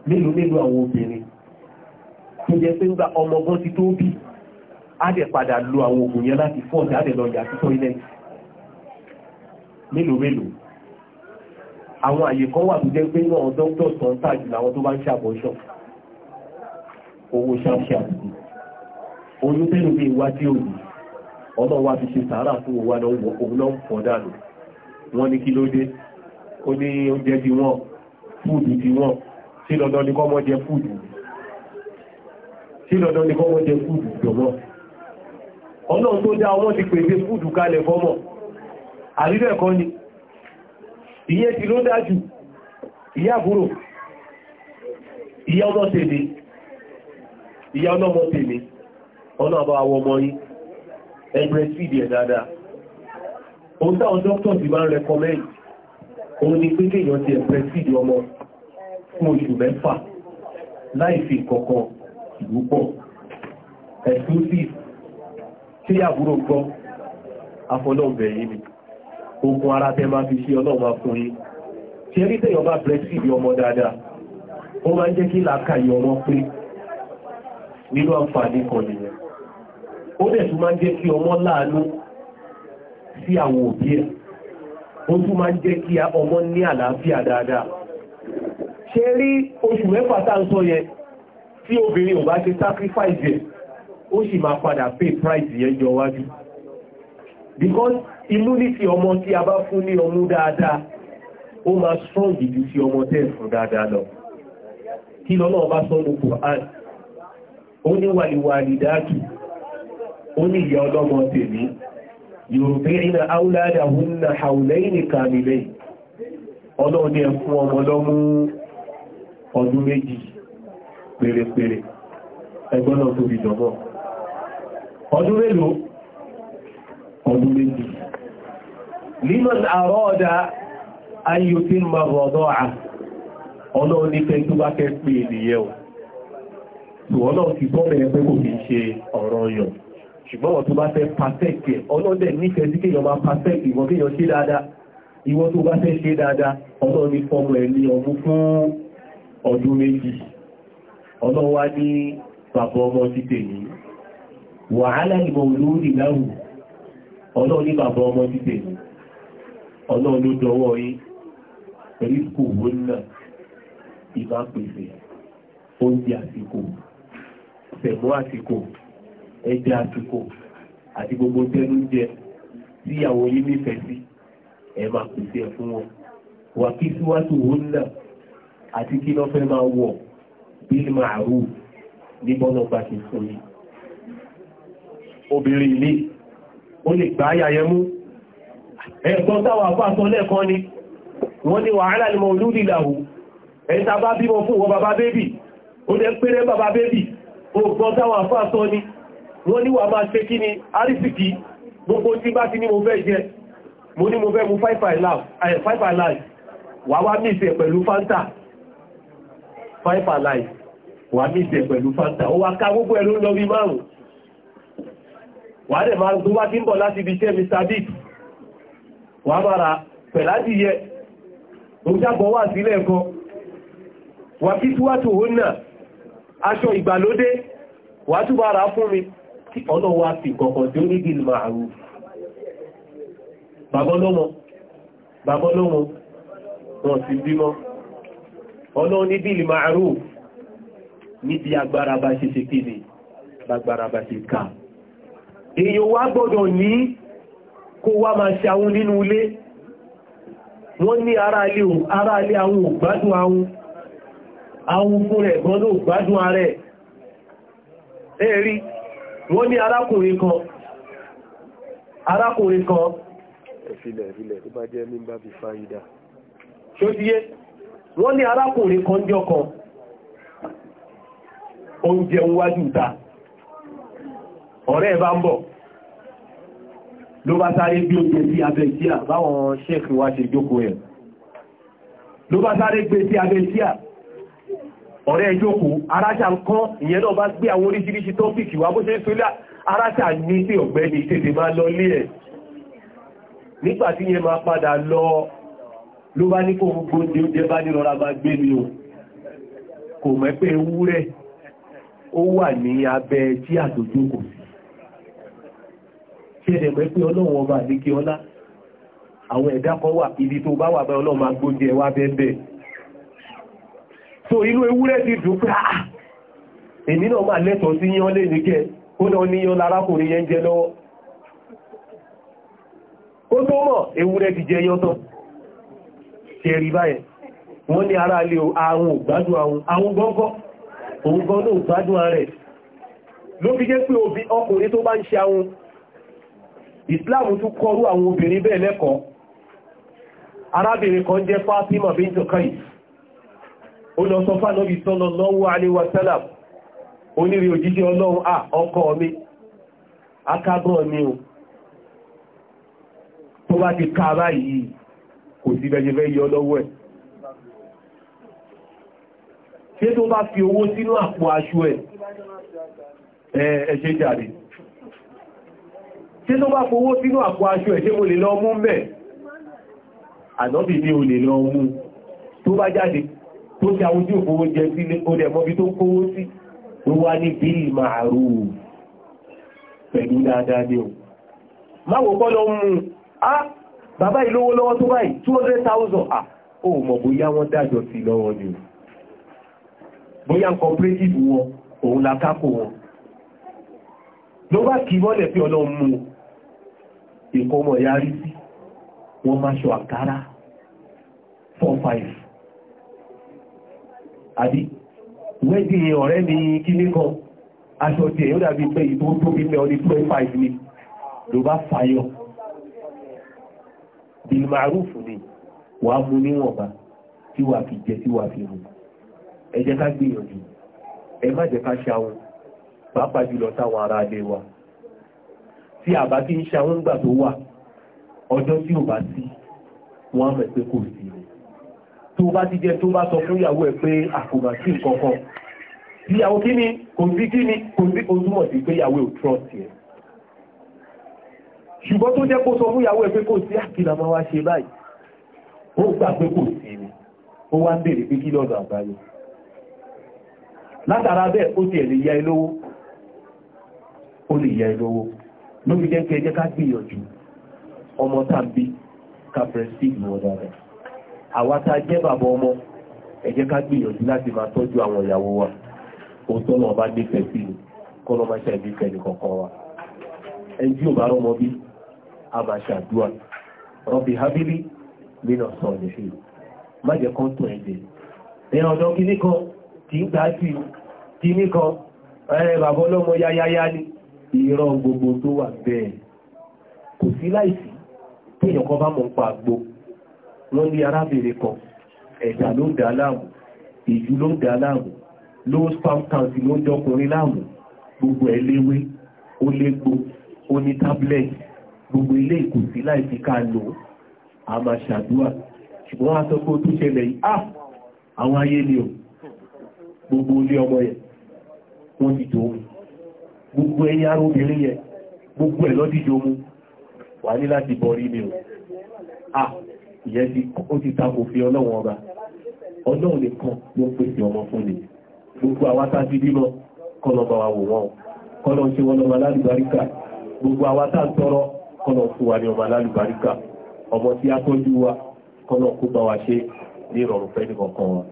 mi mélòó mélòó àwọn obìnrin tó jẹ́ pé ọmọ gan ti tó bí adẹ̀ padà lo àwọn oògùn yẹn láti fọ́ọ̀tì adẹ̀ lọ yà sí toilet mélòó mélòó àwọn àyè kan wà tó jẹ́ pé náà dókítọ̀ tán tàjù làwọn tó bá ń ṣàbọ̀ṣọ̀ owó ṣáṣà oyún tẹ́lú bí iwájú òní ọmọ wa fi ṣe sàárà fún owó náà wọ òun náà jẹ fúùdù sí lọ́dọ̀ ní kọ́mọ́ jẹ fúùdù jọ̀wọ́ ọlọ́run tó dá wọ́n ti pèsè fúdù kalẹ̀ fọ́mọ̀ àríbẹ̀ kan ni ìyẹ́ ti ló dájú ìyá àbúrò ìyá ọmọ tèmi ìyá ọlọ́mọ tèmi ọlọ́ọ̀bá àwọn ọmọ yìí ẹgbẹ́ sídìí ẹ̀ dáadáa ohun táwọn dókítọ̀ ti máa ń rẹkọmẹ́ǹd òun ni pé kéèyàn ti ẹ̀gbẹ́ sídìí ọmọ fún oṣù mẹ́fà láì kọ̀ọ̀kan ìlú pọ̀ exclusive tí àbúrò gbọ́ afọlọ́ọ̀bẹ̀ yìí ni ogun ara tẹ́ máa fi ṣe ọlọ́ọ̀mà fún yín tí ẹrí tẹ́yọ̀ bá brexit ọmọ dáadáa ó máa ń jẹ́ kí làákàyè ọmọ pé nínú àǹfààní kan nìyẹn ó dẹ̀ tún máa ń jẹ́ kí ọmọ láàánú sí àwọn òbí ẹ̀ ó tún máa ń jẹ́ kí ọmọ ní àlàáfíà dáadáa ṣe rí oṣù mẹ́fà tá ń sọ yẹn tí obìnrin ò bá ṣe sacrifice yẹn ó sì máa padà pay price yẹn jọ wájú because immunity ọmọ tí a bá fún ní ọmú dáadáa ó máa strong ìdí sí ọmọ tẹ́ fún dáadáa lọ kí lọ́nà ọba sọ́nà Quran ó ní wàlíwàlì dáàtù ó ní ìyá ọlọ́mọ tèmi yorùbá iná áúláàdà hún na haulaini kamilai ọlọ́run ní ẹ̀fún ọmọ lọ́mú ọdún méjì pérépéré ẹgbọ́n náà tóbi jọmọ́ ọdún mélòó ọdún méjì liman àrọ́ọ̀dá ayyutin marọ̀dọ́ à ọlọ́run ní pẹ́ tó bá kẹ́ pé ènìyàn ò tí ti tọ́ bẹ̀rẹ̀ pé kò fi ṣe ọ̀rọ̀ yàn ṣùgbọ́n wọ́n tó bá fẹ́ pàtẹ́kì ọlọ́dẹ̀ nífẹ̀ẹ́ sí kéèyàn máa pàtẹ́kì bàbá ọmọ yìí wàhálà ìmọ̀ olóòrì láwù ọlọ́run ní bàbá ọmọ bíbẹ̀ ọlọ́run ló dọwọ́ yín pẹ̀lú kò wọ́n náà ìbá pèsè oúnjẹ àsìkò sẹ̀mọ́ àsìkò ẹja àsìkò àti gbogbo tẹ́lú jẹ tí ìyàwó yín nífẹ̀ẹ́ sí ẹ máa pèsè ẹ̀ fún wọn wà kí síwájú wọ́n náà àti kí lọ́fẹ́ máa wọ̀ bí màrú ní bọ́lọ́gbà ti fún yín obìnrin ilé ó lè gbá ayayẹ mú ẹ̀gbọ́n táwà àpáàtọ́ lẹ́ẹ̀kan ni wọ́n ní wàhálà ni mọ̀lúdì làwù ẹ̀ta bá bímọ fún wọn bàbá bébì ó lẹ́ péré bàbá bébì ọgbọ́n táwà ni wọ́n ní wà máa ṣe kí ni arísìkí gbogbo tí bá ti ní mo fẹ́ jẹ mo ní mo fẹ́ mu five alive eh, wà wá mí ìsẹ̀ pẹ̀lú fanta ó wá ká gbogbo ẹ̀ lọ bí márùn-ún wà dẹ̀ máa gbogbo tí ń bọ̀ láti ibi iṣẹ́ mr big wà mara pẹ̀láti yẹ òjábọ̀ wà sílẹ̀ kan wà kí tí wà tó ó náà aṣọ ìgbàlódé wà tó bára fún mi kí ọ̀nà wà fi kọ̀kàn tí ó ní gìlì máa rú bàbọ́lọ́mọ bàbọ́lọ́mọ wọn sì bímọ ọ̀nà ní Eyo, wá gbọ́dọ̀ ní kó wá máa ṣe àwọn nínú ilé wọ́n ní ara ilé àwọn ògbádùn àwọn àwọn fún rẹ̀ gan ló gbádùn ara ẹ̀ ẹ̀rí wọ́n ní arákùnrin kan arákùnrin kan ẹ̀filẹ̀ ni tó bá jẹ́ kan jọ kan oúnjẹ wájú ọ̀rẹ́ ẹ̀ bá ń bọ̀ ló bá sáré bí oúnjẹ sí abẹ́ síà báwọn ṣẹ́ẹ̀kì wá ṣe jókòó ẹ̀ ló bá sáré gbé sí abẹ́ síà ọ̀rẹ́ ìjókòó aráṣà ń kọ́ ìyẹn náà bá gbé àwọn oríṣiríṣi tọ́pìkì wá bó ṣe ń sólá aráṣà ní sí ọ̀gbẹ́ni tètè máa lọ lé ẹ̀ nígbàtí yẹn máa padà lọ ló bá ní kó gbogbo oúnjẹ bá ní rọra bá gbé ni o kò mọ̀ pé ewúrẹ́ ó wà ní abẹ́ tí àtòjókòó tẹ́lẹ̀ mẹ́ pé ọlọ́run ọba àdíkẹ́ ọlá àwọn ẹ̀dá kan wà ibi tó bá wà bá ọlọ́run máa wá so inú ewúrẹ́ ti dùn pé àà ah, èmi náà máa lẹ́tọ̀ọ́ sí yán lè ní kẹ́ ó lọ níyán lárákùnrin yẹn jẹ lọ́wọ́ ó tó mọ̀ ara lè àrùn ògbádùn òun ògbádùn ló fi jẹ́ pé ọkùnrin tó bá ń Islam tún kọrú àwọn obìnrin bẹ́ẹ̀ lẹ́kọ̀ọ́ arábìnrin kan jẹ́ Fatima bintu Qais ó lọ sọ fún Ànábì sallallahu alaihi wasallam onírí òjíṣẹ́ Ọlọ́run à ọkọ mi akágọ́ mi o tó bá ti ká báyìí kò tí ló bá fowó sínú àpò aṣọ ẹ̀ ṣé mo lè lọ mú mẹ́ ànọ́bì ní o lè lọ mú tó bá jáde tó ṣe àwọn ojú òfowó jẹ sílé ó dẹ̀ mọ́bí tó kówó sí ó wá ní bíl ma'ruf pẹ̀lú dáadáa ní o máwò kọ́ lọ mú á ló bá kí mọ́lẹ̀ pé ọlọ́run mú ìkọmọ̀ yarí sí wọ́n máa ṣọ àkárá 4-5 àbí wẹ́dí ọ̀rẹ́ ni kíní kan aṣọ tí èyí ó dàbí pé ìbò tó bí mẹ́ ọdí 25 ni ló bá fàyọ bilmaruf ni wà mú níwọ̀nba tí wà fi jẹ tí wà fi hù ẹ ká gbìyànjú ẹ má jẹ́ ká ṣe àwọn pàápàá jùlọ táwọn ará adé wa tí àbá tí ń ṣe àwọn ìgbà tó wà ọjọ́ tí ò bá sí wọ́n á mọ̀ pé kò sí ni tó bá ti jẹ́ tó bá sọ fún ìyàwó ẹ̀ pé àkùnbà sí nǹkankan ìyàwó kí ni kò sí kí ni kò sí kò túmọ̀ sí pé ìyàwó ò trust yẹn ṣùgbọ́n tó jẹ́ kó sọ fún ìyàwó ẹ̀ pé kò sí àkìlà máa wá ṣe báyìí ó gbà pé kò sí ni ó wá ń béèrè pé kí lọ́dọ̀ àbáyọ látara bẹ́ẹ̀ ó tiẹ̀ lè ya ẹ lówó ó lè ya ẹ lówó lórí jẹ́ pé ẹjẹ́ ká gbìyànjú ọmọ tàbí kàbẹ̀rẹ̀sì ìwọ̀n dáadáa àwa tá jẹ́ bàbá ọmọ ẹjẹ́ ká gbìyànjú láti máa tọ́jú àwọn ìyàwó wa òótọ́ náà bá nífẹ̀ẹ́ sí ni kọ́ lọ́ máa ṣàbí fẹ́ni kọ̀ọ̀kan wa ẹjú ò bá rọmọ bí a máa ṣàdúrà rọ́bì hábílì mínà sọ nìfẹ́ má jẹ́ kán tó ẹ̀jẹ̀ ẹ̀yàn ọ̀dọ́ kíní kan kì í gbà á sí kíní kan ẹ̀ bàbá ọlọ́mọ yáyáyá ni irọ́ gbogbo tó wà bẹ́ẹ̀ kò sí láìsí tí èèyàn kan bá mọ̀ ń pa àgbo wọ́n ní arábìnrin kan ẹ̀dà ló ń dà láàmú ìjú ló ń dà láàmú ló spam council ló ń jọkùnrin láàmú gbogbo ẹ̀ léwé ó légbó ó ní tablet gbogbo ilé kò sí láìsí ká lò a máa ṣàdúrà ṣùgbọ́n wá sọ pé ó tún ṣẹlẹ̀ yìí ah àwọn ayé ni o gbogbo ilé ọmọ yẹn wọ́n ti dòun gbogbo ẹ̀yà obìnrin yẹ gbogbo ẹ̀ lọ́díjọ mú wà ní láti bọ̀rí mi o ah ìyẹn ti ó ti tako fi ọlọ́wọ́n ọba ọlọ́run nìkan ló pèsè ọmọ fún ni gbogbo àwátá ti bímọ kọlọba wa wò wọn kọlọ ṣe wọn ọmọ alálùbáríkà gbogbo àwátá ń tọrọ kọlọ fún wa ní ọmọ alálùbáríkà ọmọ tí a tọ́jú wa kọlọ kó bá wa ṣe ní ìrọ̀rùn fẹ́ nìkankan wa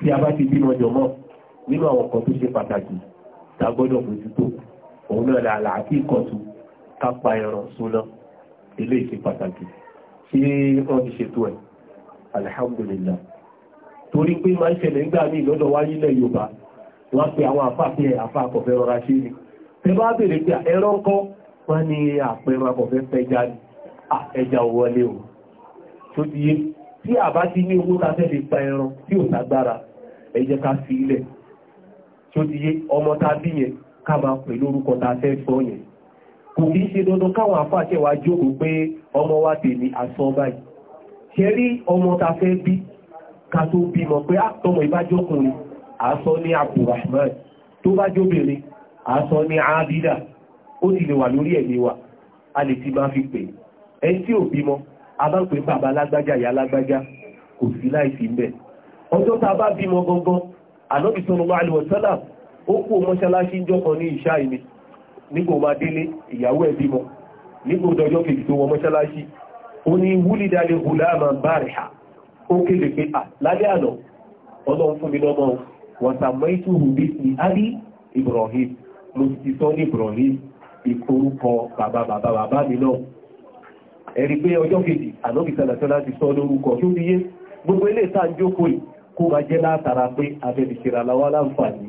tí a bá ti bímọ jọmọ nínú àwọn kan tó ṣe pàtàkì tá a gbọ́dọ̀ bójútó òun náà là àlàáfí ìkọ̀tù kápa ẹran súná ilé ìṣe pàtàkì tí wọ́n ti ṣètò ẹ̀ alhamdulillah torí pé máa ń ṣẹlẹ̀ nígbà míì lọ́dọ̀ wáyé ilẹ̀ Yorùbá wọ́n pe àwọn àfáàfẹ́ àfáàkọ̀fẹ́ rọra ṣe ni tẹ bá bèèrè pé ẹran kọ́ wọ́n ní àpẹẹrẹ akọ̀fẹ́ pẹja kábà pẹ̀lú orúkọ ta fẹ́ sọ yẹn kò kí ṣe dandan káwọn àfáàṣẹ wa jókòó pé ọmọ wa tèmi àsọ báyìí ṣe rí ọmọ ta fẹ́ bí ká tó bímọ pé àtọmọ ah, ìbájọkùnrin àsọ ní Abdulrahman tó bá jóbìnrin àsọ ní Abida ó ti lè wà lórí ẹ̀mí wa a lè ti máa fi pè ẹni tí ò bímọ a bá ń pè bàbá ó kú mọ́ṣáláṣí ń jọ́kan ní ìṣá ìní nígbò máa délé ìyàwó ẹ̀ bímọ nígbò dọjọ́ kejì tó wọ mọ́ṣáláṣí ó ní wúlì dalẹ̀ hùlàmà bàrìhà ó kéde pé à lálẹ́ àná ọlọ́run fún mi lọ́mọ wọ́n sàmọ́ ìtùrù bí adí Ibrahim mo ti sọ ní Ibrahim ìkorúkọ bàbá bàbá bàbá mi náà ẹ̀rí pé ọjọ́ kejì ànọ́bì sàlàsọ́lá ti sọ lórúkọ tó níye gbogbo ilé ìta ń jókòó kó máa jẹ́ látara pé abẹ́bìsìrà làwọn aláǹfààní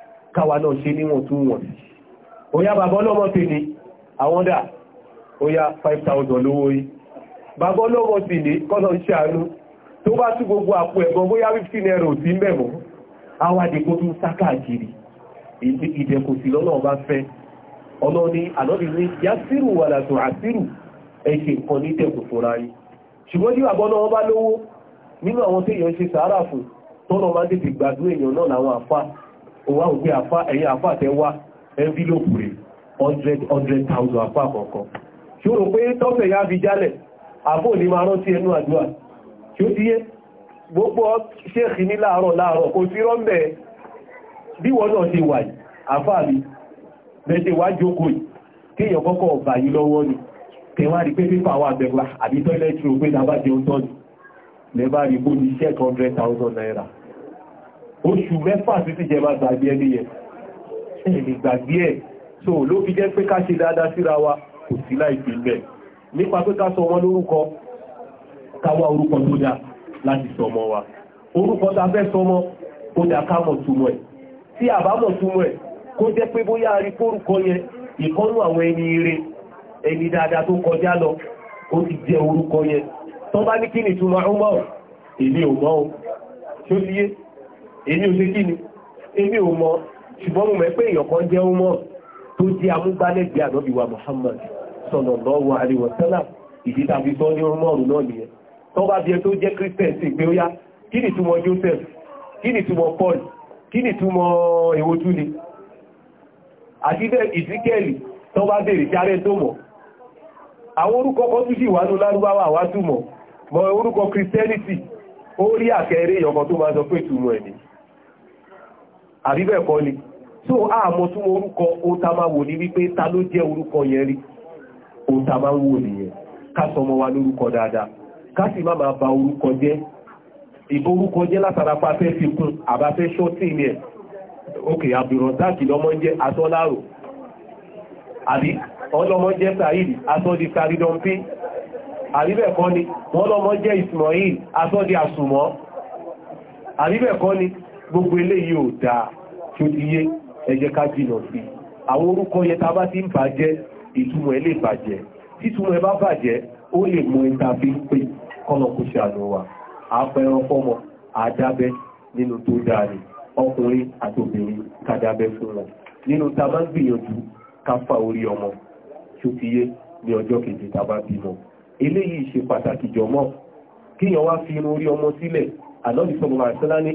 káwa náà ṣe níwọ̀n tún wọ̀n oya bàbá ọlọ́mọ pè ní àwọn dà oya 5,000 lówó yìí bàbá ọlọ́mọ sì ní kọ́lọ̀ iṣẹ́ àánú tó bá tú gbogbo àpò ẹ̀gbọ́n bóyá 15 naira ò sí ń bẹ̀mọ́ awádìíkó tún sá káàkiri ìdẹ̀kò sí lọ́nà ọba fẹ́ ọlọ́ni àlọ́dì ní yásírù wà látò àsírù ẹ̀ṣẹ̀ nǹkan ní dẹ̀kò fúnra òwá ògbé àfá ẹ̀yìn àfá àtẹwà envelope rẹ̀ 100,000 àfá kọ̀ọ̀kan tí ó rò pé tọ́fẹ̀ yá fi jálẹ̀ àfó ní máa rántí ẹnu àdúrà tí ó ti yé gbogbo ṣéèkì ní láàárọ̀ láàárọ̀ kò sí rọ́mbẹ̀ bí wọ́n náà ṣe wà yìí àfá mi mẹ́ṣe wá jókòó yìí kí èèyàn kọ́kọ́ ọ̀bà yìí lọ́wọ́ ni tẹ̀wá rí pé pípa wà bẹ̀rẹ̀ àbí tọ́lẹ̀ tí ó pé lábájẹ́ ó tọ́ ni lẹ́bàá rí bó ní ṣẹ́ẹ̀kì 100,000 naira oṣù mẹ́fà sí ti jẹba gbàgbé ẹni yẹn ẹni gbàgbé ẹ̀ so ló fi jẹ́ pé ká ṣe dáadáa síra wa kò sí láìpé mẹ́ nípa pé ká sọ wọn lórúkọ káwa orúkọ tó dáa láti sọmọ wa orúkọ tá fẹ́ sọmọ ó dáa ká mọ̀ túmọ̀ ẹ̀ tí àbámọ̀ túmọ̀ ẹ̀ kó jẹ́ pé bóyá a rí kórúkọ yẹn ìkọ́nú àwọn ẹni ire ẹni dáadáa tó kọjá lọ ó ti jẹ orúkọ yẹn tó bá ní kí ni túmọ̀ ọmọ èmi ò mọ̀ ó èmi ò sí kí ni èmi ò mọ̀ ṣùgbọ́n mo mọ̀ pé èèyàn kan jẹ́ ọmọ tó jẹ́ amúgbálẹ́gbẹ̀ẹ́ ànábì wa Muhammad sallallahu alaihi wasallam ìdí tàbí sọ ní ọmọ ọ̀rùn náà nìyẹn tó bá jẹ́ tó jẹ́ Christian sí pé ó kí ni túmọ̀ Joseph kí ni túmọ̀ Paul kí ni túmọ̀ èwo tún ni àti ìsíkẹ́lì tó bá bèèrè járẹ́ tó mọ̀ àwọn orúkọ kan tún sí ìwánú lárúbáwà wá túmọ̀ mọ̀ orúkọ Christianity ó rí àkẹrẹ ìyọkan tó máa sọ pé túmọ̀ ẹ̀ nìyí àbíbẹ̀kọ́ ni so àmọ́ tún orúkọ ó ta máa wò ní wípé ta ló jẹ́ orúkọ yẹn rí ó ta máa wò nìyẹn ká wa lórúkọ dáadáa ká má máa ba orúkọ jẹ́ ìborúkọ jẹ́ látara pa fẹ́ fi kún àbáfẹ́ ṣọ́tì ni ẹ̀ ok abdulrasaki lọmọ jẹ́ atọ́lárò àbí ọlọmọ jẹ́ saheed atọ́di ni wọ́n lọmọ jẹ́ ismail atọ́di àsùnmọ́ àbíbẹ̀kọ́ ni gbogbo eléyìí ò dáa tí ó ti yé ẹ jẹ́ ká jìnà sí àwọn orúkọ yẹn tá bá ti ń bàjẹ́ ìtumọ̀ ẹ lè bàjẹ́ títúmọ̀ ẹ bá bàjẹ́ ó lè mú ẹta fi ń pè kọ́nà kó ṣe àdábẹ́ nínú tó dáa ni ọkùnrin àti obìnrin kàdábẹ́ fún wọn nínú tá bá ń gbìyànjú ká fa orí ọmọ tí ní ọjọ́ kejì tá bá bímọ eléyìí ṣe pàtàkì jọmọ́ kíyàn wá fi irun orí ọmọ sílẹ̀ àlọ́ ìsọ̀rọ̀ àṣẹ́lá ní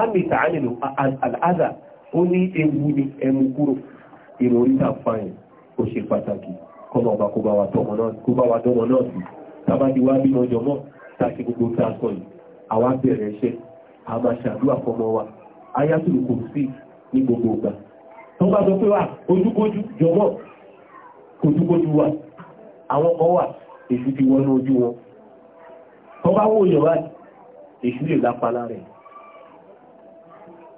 àmì ìtàánìlò àdá ó ní ewu ni ẹnu kúrò ìròyìn tàfààyàn ó ṣe pàtàkì kọ́nà ọba kó bá wa dọ́mọ náà sí tàbátí wá bí ọjọ́ mọ́ tàṣí gbogbo tàṣọ yìí àwa bẹ̀rẹ̀ iṣẹ́ a máa ṣàdúrà fọmọ wa ayátùlù kò sí ní gbogbo ìgbà tó bá sọ pé wà ojúkójú jọmọ́ ojúkójú wà àwọn kan wà èṣù ti wọnú ojú wọn tó bá wò yàn èṣù lè lápá lára ẹ̀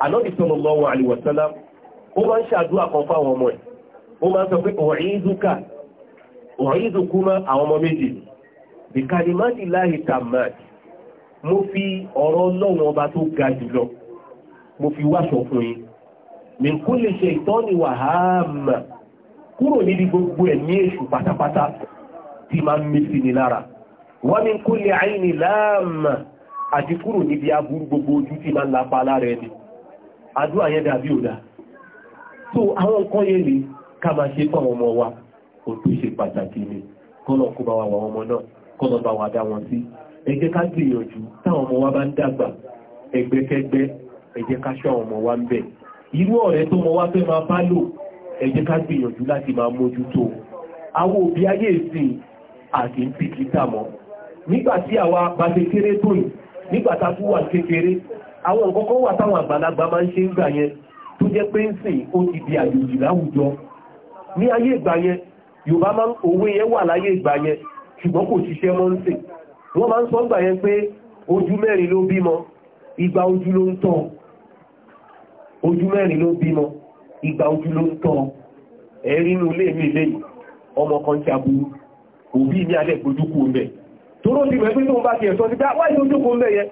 ànábì sallallahu alaihi wasallam ó máa ń ṣàdúrà kan fáwọn ọmọ ẹ̀ ó máa ń sọ pé ọ̀rìndùkà ọ̀rìndùkúmá àwọn ọmọ méjì bìkàlímátì láì tàmáàtì mo fi ọ̀rọ̀ ọlọ́run ọba tó ga jùlọ mo fi wáṣọ fún yín min kulli shaytani wa hamma kúrò níbi gbogbo ẹ̀mí èṣù pátápátá tí máa ń mí sí ni lára wa min kulli láàmà àti kúrò níbi aburú gbogbo ojú tí máa ń lapa lára ẹni àdúrà yẹn dàbí òdà so àwọn nǹkan yẹn ni ká máa ṣe fún àwọn ọmọ wa kò tó ṣe pàtàkì ni kọ́nà kó bá wa wà ọmọ náà kọ́nà bá wa dá wọn sí ẹ jẹ́ ká gbìyànjú táwọn ọmọ wa bá ń dàgbà ẹgbẹ́kẹ́gbẹ́ ẹ jẹ́ ká ṣọ́ àwọn wa ń bẹ̀ irú ọ̀rẹ́ tó nígbà tí àwa bá ṣe kéré tó nígbà tá a kékeré àwọn nǹkan kan wà táwọn àgbàlagbà máa ń ṣe ń gbà yẹn tó jẹ́ pé ń sìn ó ti di àjòjì láwùjọ ní ayé ìgbà yẹn yorùbá máa ń òwe yẹn wà láyé ìgbà yẹn ṣùgbọ́n kò ṣiṣẹ́ mọ́ ń sìn wọ́n máa ń sọ gbà yẹn pé ojú mẹ́rin ló bímọ igba ojú ló ń tọ́ ojú mẹ́rin ló bímọ igba ojú ló ń tọ́ ẹ̀rí inú ọmọ kan ti aburú òbí mi alẹ́ gbójúkú mẹ́ toró ti tó ń bá ti ẹ̀sọ́ ti dá ah, wáyé ojúkú mẹ́ yẹn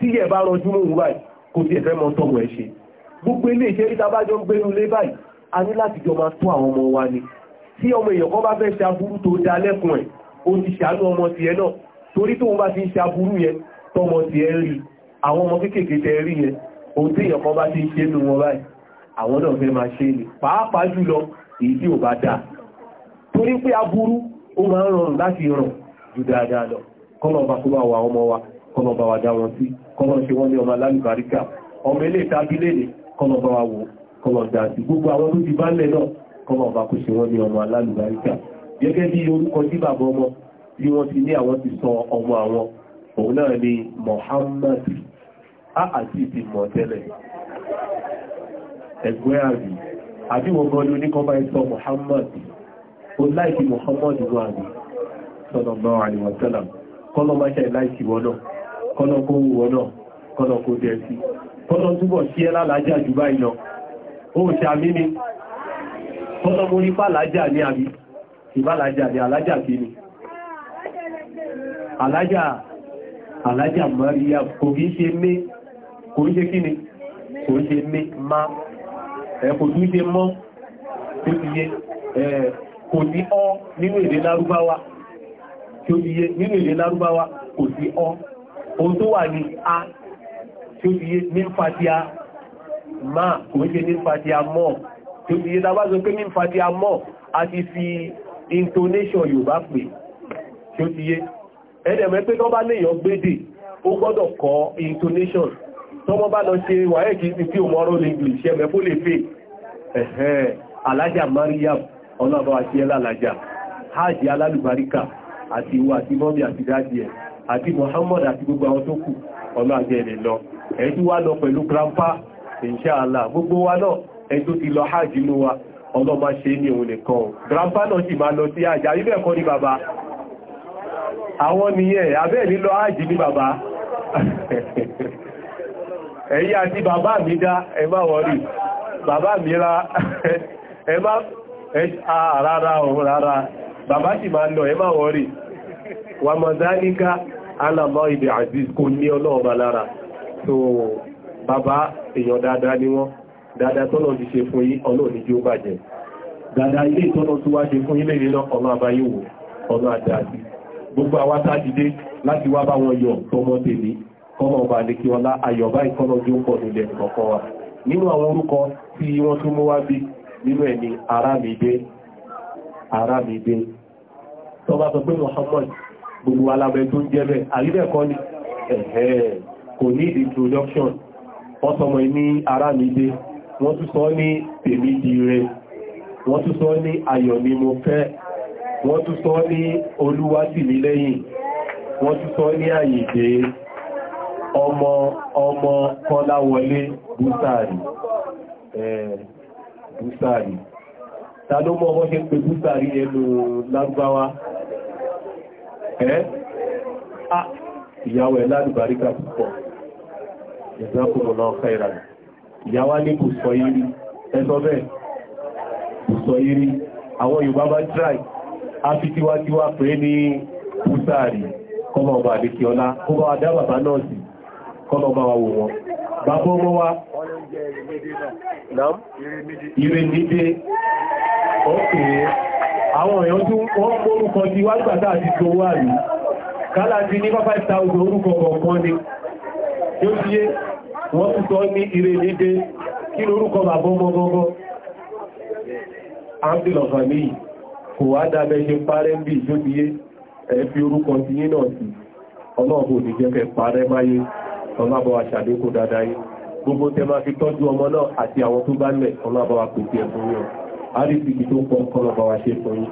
tí ẹ̀ bá rọjú mú òun báyìí kò sí ẹ̀fẹ́ mọ́ tọ́wọ́ ẹ̀ ṣe gbogbo ilé iṣẹ́ rí tábájọ́ ń gbénu lé báyìí a ní láti jọ máa tó àwọn ọmọ wa ni tí ọmọ èèyàn kan bá fẹ́ ṣe aburú tó dá lẹ́kùn ẹ̀ ó ti ṣàánú ọmọ tiẹ̀ náà torí tóun bá ti ń ṣe aburú yẹn tọmọ tiẹ̀ rí àwọn ọmọ kéékèèké tẹ rí yẹn ohun tí èèyàn kan bá ti ń ṣe nù wọn báyìí àwọn náà fẹ́ máa ṣe ni pàápàá jùlọ èyí tí ò bá dáa torí pé aburú ó máa ń rọrùn láti ràn ju dáadáa lọ kọ́nà ọba tó bá wa ọmọ wa kọ́nà ọba wa dá wọn sí kọlọ̀ ṣe wọ́n ní ọmọ alálùbáríkà ọmọ ilé ìtàbílẹ̀ ní kọlọ̀ bá wò kọlọ̀ dàti gbogbo àwọn tó ti bá lẹ̀ náà kọlọ̀ bá kó ṣe wọ́n ní ọmọ alálùbáríkà gẹ́gẹ́ bí orúkọ tí bàbá ọmọ bí wọ́n ti ní àwọn ti sọ ọmọ àwọn òun náà ni Muhammad àti ti mọ̀ ẹgbẹ́ àrí àbí wọn gan ní kọ́ ìsọ Muhammad ó láìkí Muhammad wọn àrí sallallahu alaihi wasallam kọ́lọ́ máṣẹ́ láìkí wọn náà kọ́lọ́kọ́ wù ọ náà kọ́lọ́kọ́ dẹ̀ sí kọ́lọ́ túbọ̀ sí ẹ́ lálàájá jù báyìí lọ ó ṣàmí ni kọ́lọ́ mo rí fàlájá ní àbí ìbálájá ní alájá kí ni alájá alájá maria kò kí ṣe mé kò ń ṣe kí ni kò ń ṣe mé má ẹ̀kò tún ṣe mọ́ tó ti yé kò sí ọ nínú èdè lárúbáwá kò sí ọ ohun tó wà ní a tí ó ti yé ní fàtíà máa kò ń ṣe ní fàtíà mọ́ tí ó ti yé tàbázọ pé ní fàtíà mọ́ a ti fi intonation Yorùbá pè tí ó ti yé ẹ̀dẹ̀mẹ́ pé tọ́ bá léèyàn gbédè ó gbọ́dọ̀ kọ́ intonation tọ́mọ́ bá lọ ṣe wàhẹ́kì tí ó mọ́rọ̀ ní English ẹ̀mẹ́ fó lè fè ẹ̀hẹ́ alájà Mariam ọlọ́bàá ṣe ẹlálàjà hajj alálùbáríkà àti ìwà àti mọ́mí àti dájì ẹ̀ àti Muhammad àti gbogbo àwọn tó kù ọ̀nà lọ ẹni tó wá lọ pẹ̀lú grandpa gbogbo wa náà ẹni ti lọ hajj inú wa ọlọ́ ṣe ní òun nìkan grandpa náà sì máa lọ sí hajj àbí kọ́ ní bàbá àwọn nìyẹn abẹ́ẹ̀ hajj ní bàbá (laughs) ẹ̀yí àti bàbá mi dá ẹ má bàbá mi ra (laughs) ẹ má ah, rárá rárá bàbá sì máa lọ ẹ má wà mọ̀dáníká alàmọ́ ibi aziz kò ní ọlọ́ọ̀bá lára so bàbá èèyàn dáadáa ni wọ́n dáadáa tọ́lọ̀ ti ṣe fún yín ọlọ́ọ̀ni jí ó bàjẹ́ dáadáa ilé ìtọ́lọ̀ tó wá ṣe fún yín lẹ́yìn náà ọlọ́ abáyéwò ọlọ́ àdáàdì gbogbo àwa sáàdìdé láti wá bá wọn yọ tọmọ tèmi kọ́mọ ọba àdékí ọlá ayọ̀bá ìkọ́lọ̀ tí pọ̀ nílẹ̀ kọ̀ọ̀kan wa nínú àwọn orúkọ tí wọ́n tún mú wá bí nínú ẹni arámidé arámidé tọ́ba sọ pé Muhammad gbogbo alábẹ́ tó ń jẹ́ bẹ́ẹ̀ àríbẹ̀kọ́ ni ẹ̀ẹ́ kò ní introduction wọ́n sọmọ ní ará mi dé wọ́n tún sọ ní tèmi di re wọ́n tún sọ ní ayọ̀ ni mo fẹ́ wọ́n tún sọ ní olúwa tì mí lẹ́yìn wọ́n tún sọ ní àyèdè ọmọ ọmọ kọ́láwọlé búsàrì búsàrì ta ló mọ́ wọ́n ṣe pé búsàrì ẹnu lágbáwá ẹ́ à ìyàwó ẹ̀ lálùbáríkà púpọ̀ ìzákùnlọ́ fẹ́ra ìyàwó ní kò sọ yìí ẹsọ bẹ́ẹ̀ kò sọ yìí àwọn Yorùbá bá tíráì a fi tiwátiwá pé ní púsàárì kọmọ ọba wa dá bàbá náà sí kọmọ ọba wa wò wọn bàbá àwọn èèyàn tí wọ́n orúkọ ti wá gbàtà àti wà ní kálá ti ní 5,000 orúkọ kọ̀ọ̀kan ni tí ó ti wọ́n ní ire nídé kí lórúkọ bàbọ́ mọ́gọ́gọ́ ámbìlọ̀ kò wá dábẹ́ ṣe parẹ́ bí gbogbo tẹ́ máa fi tọ́jú ọmọ náà àti àwọn tó bá lẹ̀ àríkìkì tó pọ̀ kọ́lọ̀ bá wa ṣe fún yín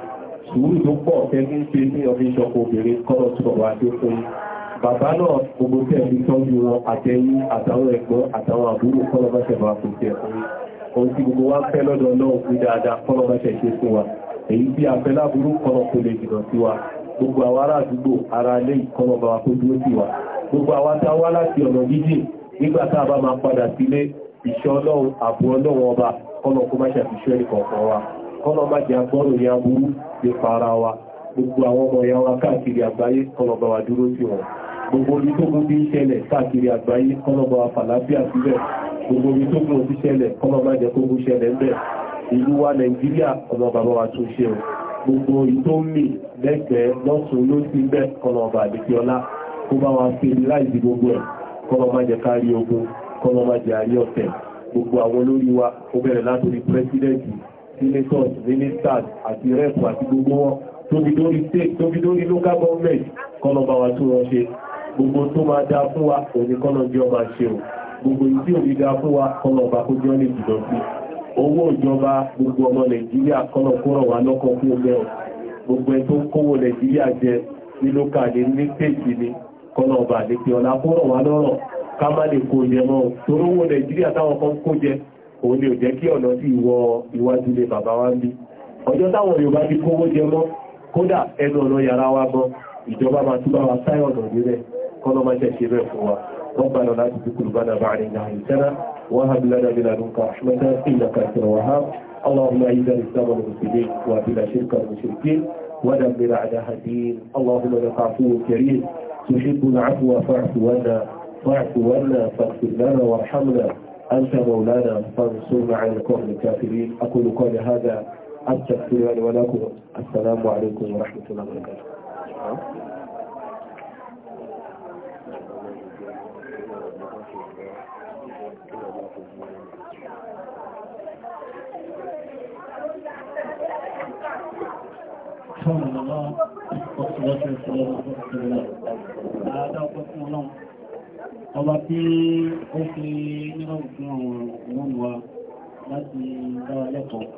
sùúrù tó pọ̀ tẹ́gún ṣe ní ọdún ìṣọ́kọ̀ obìnrin kọ́lọ̀ tó bá wa ṣe fún yín bàbá náà gbogbo tẹ́ẹ̀lú tọ́jú wọn àtẹ̀yìn àtàwọn ẹ̀gbọ́n àtàwọn àbúrò kọ́lọ̀ bá ṣẹ̀ bá kò tẹ̀ fún yín ohun tí gbogbo wa ń fẹ́ lọ́dọ̀ náà fún dáadáa kọ́lọ̀ bá ṣẹ̀ ṣe fún wa èyí bí a fẹ́ láburú kọ́lọ̀ kò lè jìnà sí wa gbogbo àwọn ará àdúgbò ara ilé ìkọ́lọ̀ bá wa kó dúró sí wa gbogbo àwọn tá a wá láti ọ̀nà jíjìn nígbà tá a bá máa padà sílé ìṣọ́ ọlọ́run àbú ọlọ́run ọba kọ́nà kó má ṣàfiṣẹ́ nìkọ̀ọ̀kan wa kọ́nà má jẹ́ agbọ́rò ya burú nípa wa gbogbo àwọn ọmọ ya wa káàkiri àgbáyé kọ́nà bá wa dúró sí wọn gbogbo orí tó kún bí ṣẹlẹ̀ káàkiri àgbáyé kọ́nà bá wa fàlàáfíà síbẹ̀ gbogbo orí tó kún bí ṣẹlẹ̀ kọ́nà má jẹ́ kókó ṣẹlẹ̀ ń bẹ̀ ìlú wa nàìjíríà ọmọ bàbá wa tún ṣe gbogbo àwọn olórí wa ó bẹ̀rẹ̀ látòrí pírẹsidẹ́ǹtì senators ministers àti rep àti gbogbo wọn tóbi dórí state tóbi dórí local government kọ́nà bá wa tó wọn ṣe gbogbo tó máa dá fún wa òní kọ́nà jẹ́ ọba ṣe o gbogbo ìdí òní dá fún wa kọ́nà ọba kó jẹ́ lè jùlọ sí owó ìjọba gbogbo ọmọ nàìjíríà kọ́nà kó rọ̀ wá lọ́kàn fún omi ọ̀ gbogbo ẹ tó ń kówó nàìjíríà jẹ ní lókàlẹ̀ ní state ni kọ́nà ọba àdékè ọ̀la kó rọ̀ wá lọ́rọ̀ ká má lè kó jẹ mọ́ torí owó nàìjíríà táwọn kan kó jẹ òun ni ò jẹ́ kí ọ̀nà sí ìwọ iwájú ilé bàbá wa ń bí ọjọ́ táwọn Yorùbá ti kówó jẹ mọ́ kódà ẹnu ọ̀nà yàrá wa gan ìjọba máa túbá wa sáyé ọ̀nà nílẹ̀ kọ́nà máa ṣe ṣe bẹ́ẹ̀ fún wa wọ́n bá lọ láti dúkùrù bá dàbà العفو فاعف واعف عنا فاغفر لنا وارحمنا أنت مولانا فانصرنا على القوم الكافرين أقول قولي هذا أستغفر لي ولكم السلام عليكم ورحمة الله وبركاته الحمد لله والصلاة والسلام على رسول الله. ọba tí ó fi nírọ̀ àwọn ìwọ̀n wa láti dára lẹ́kọ̀ọ́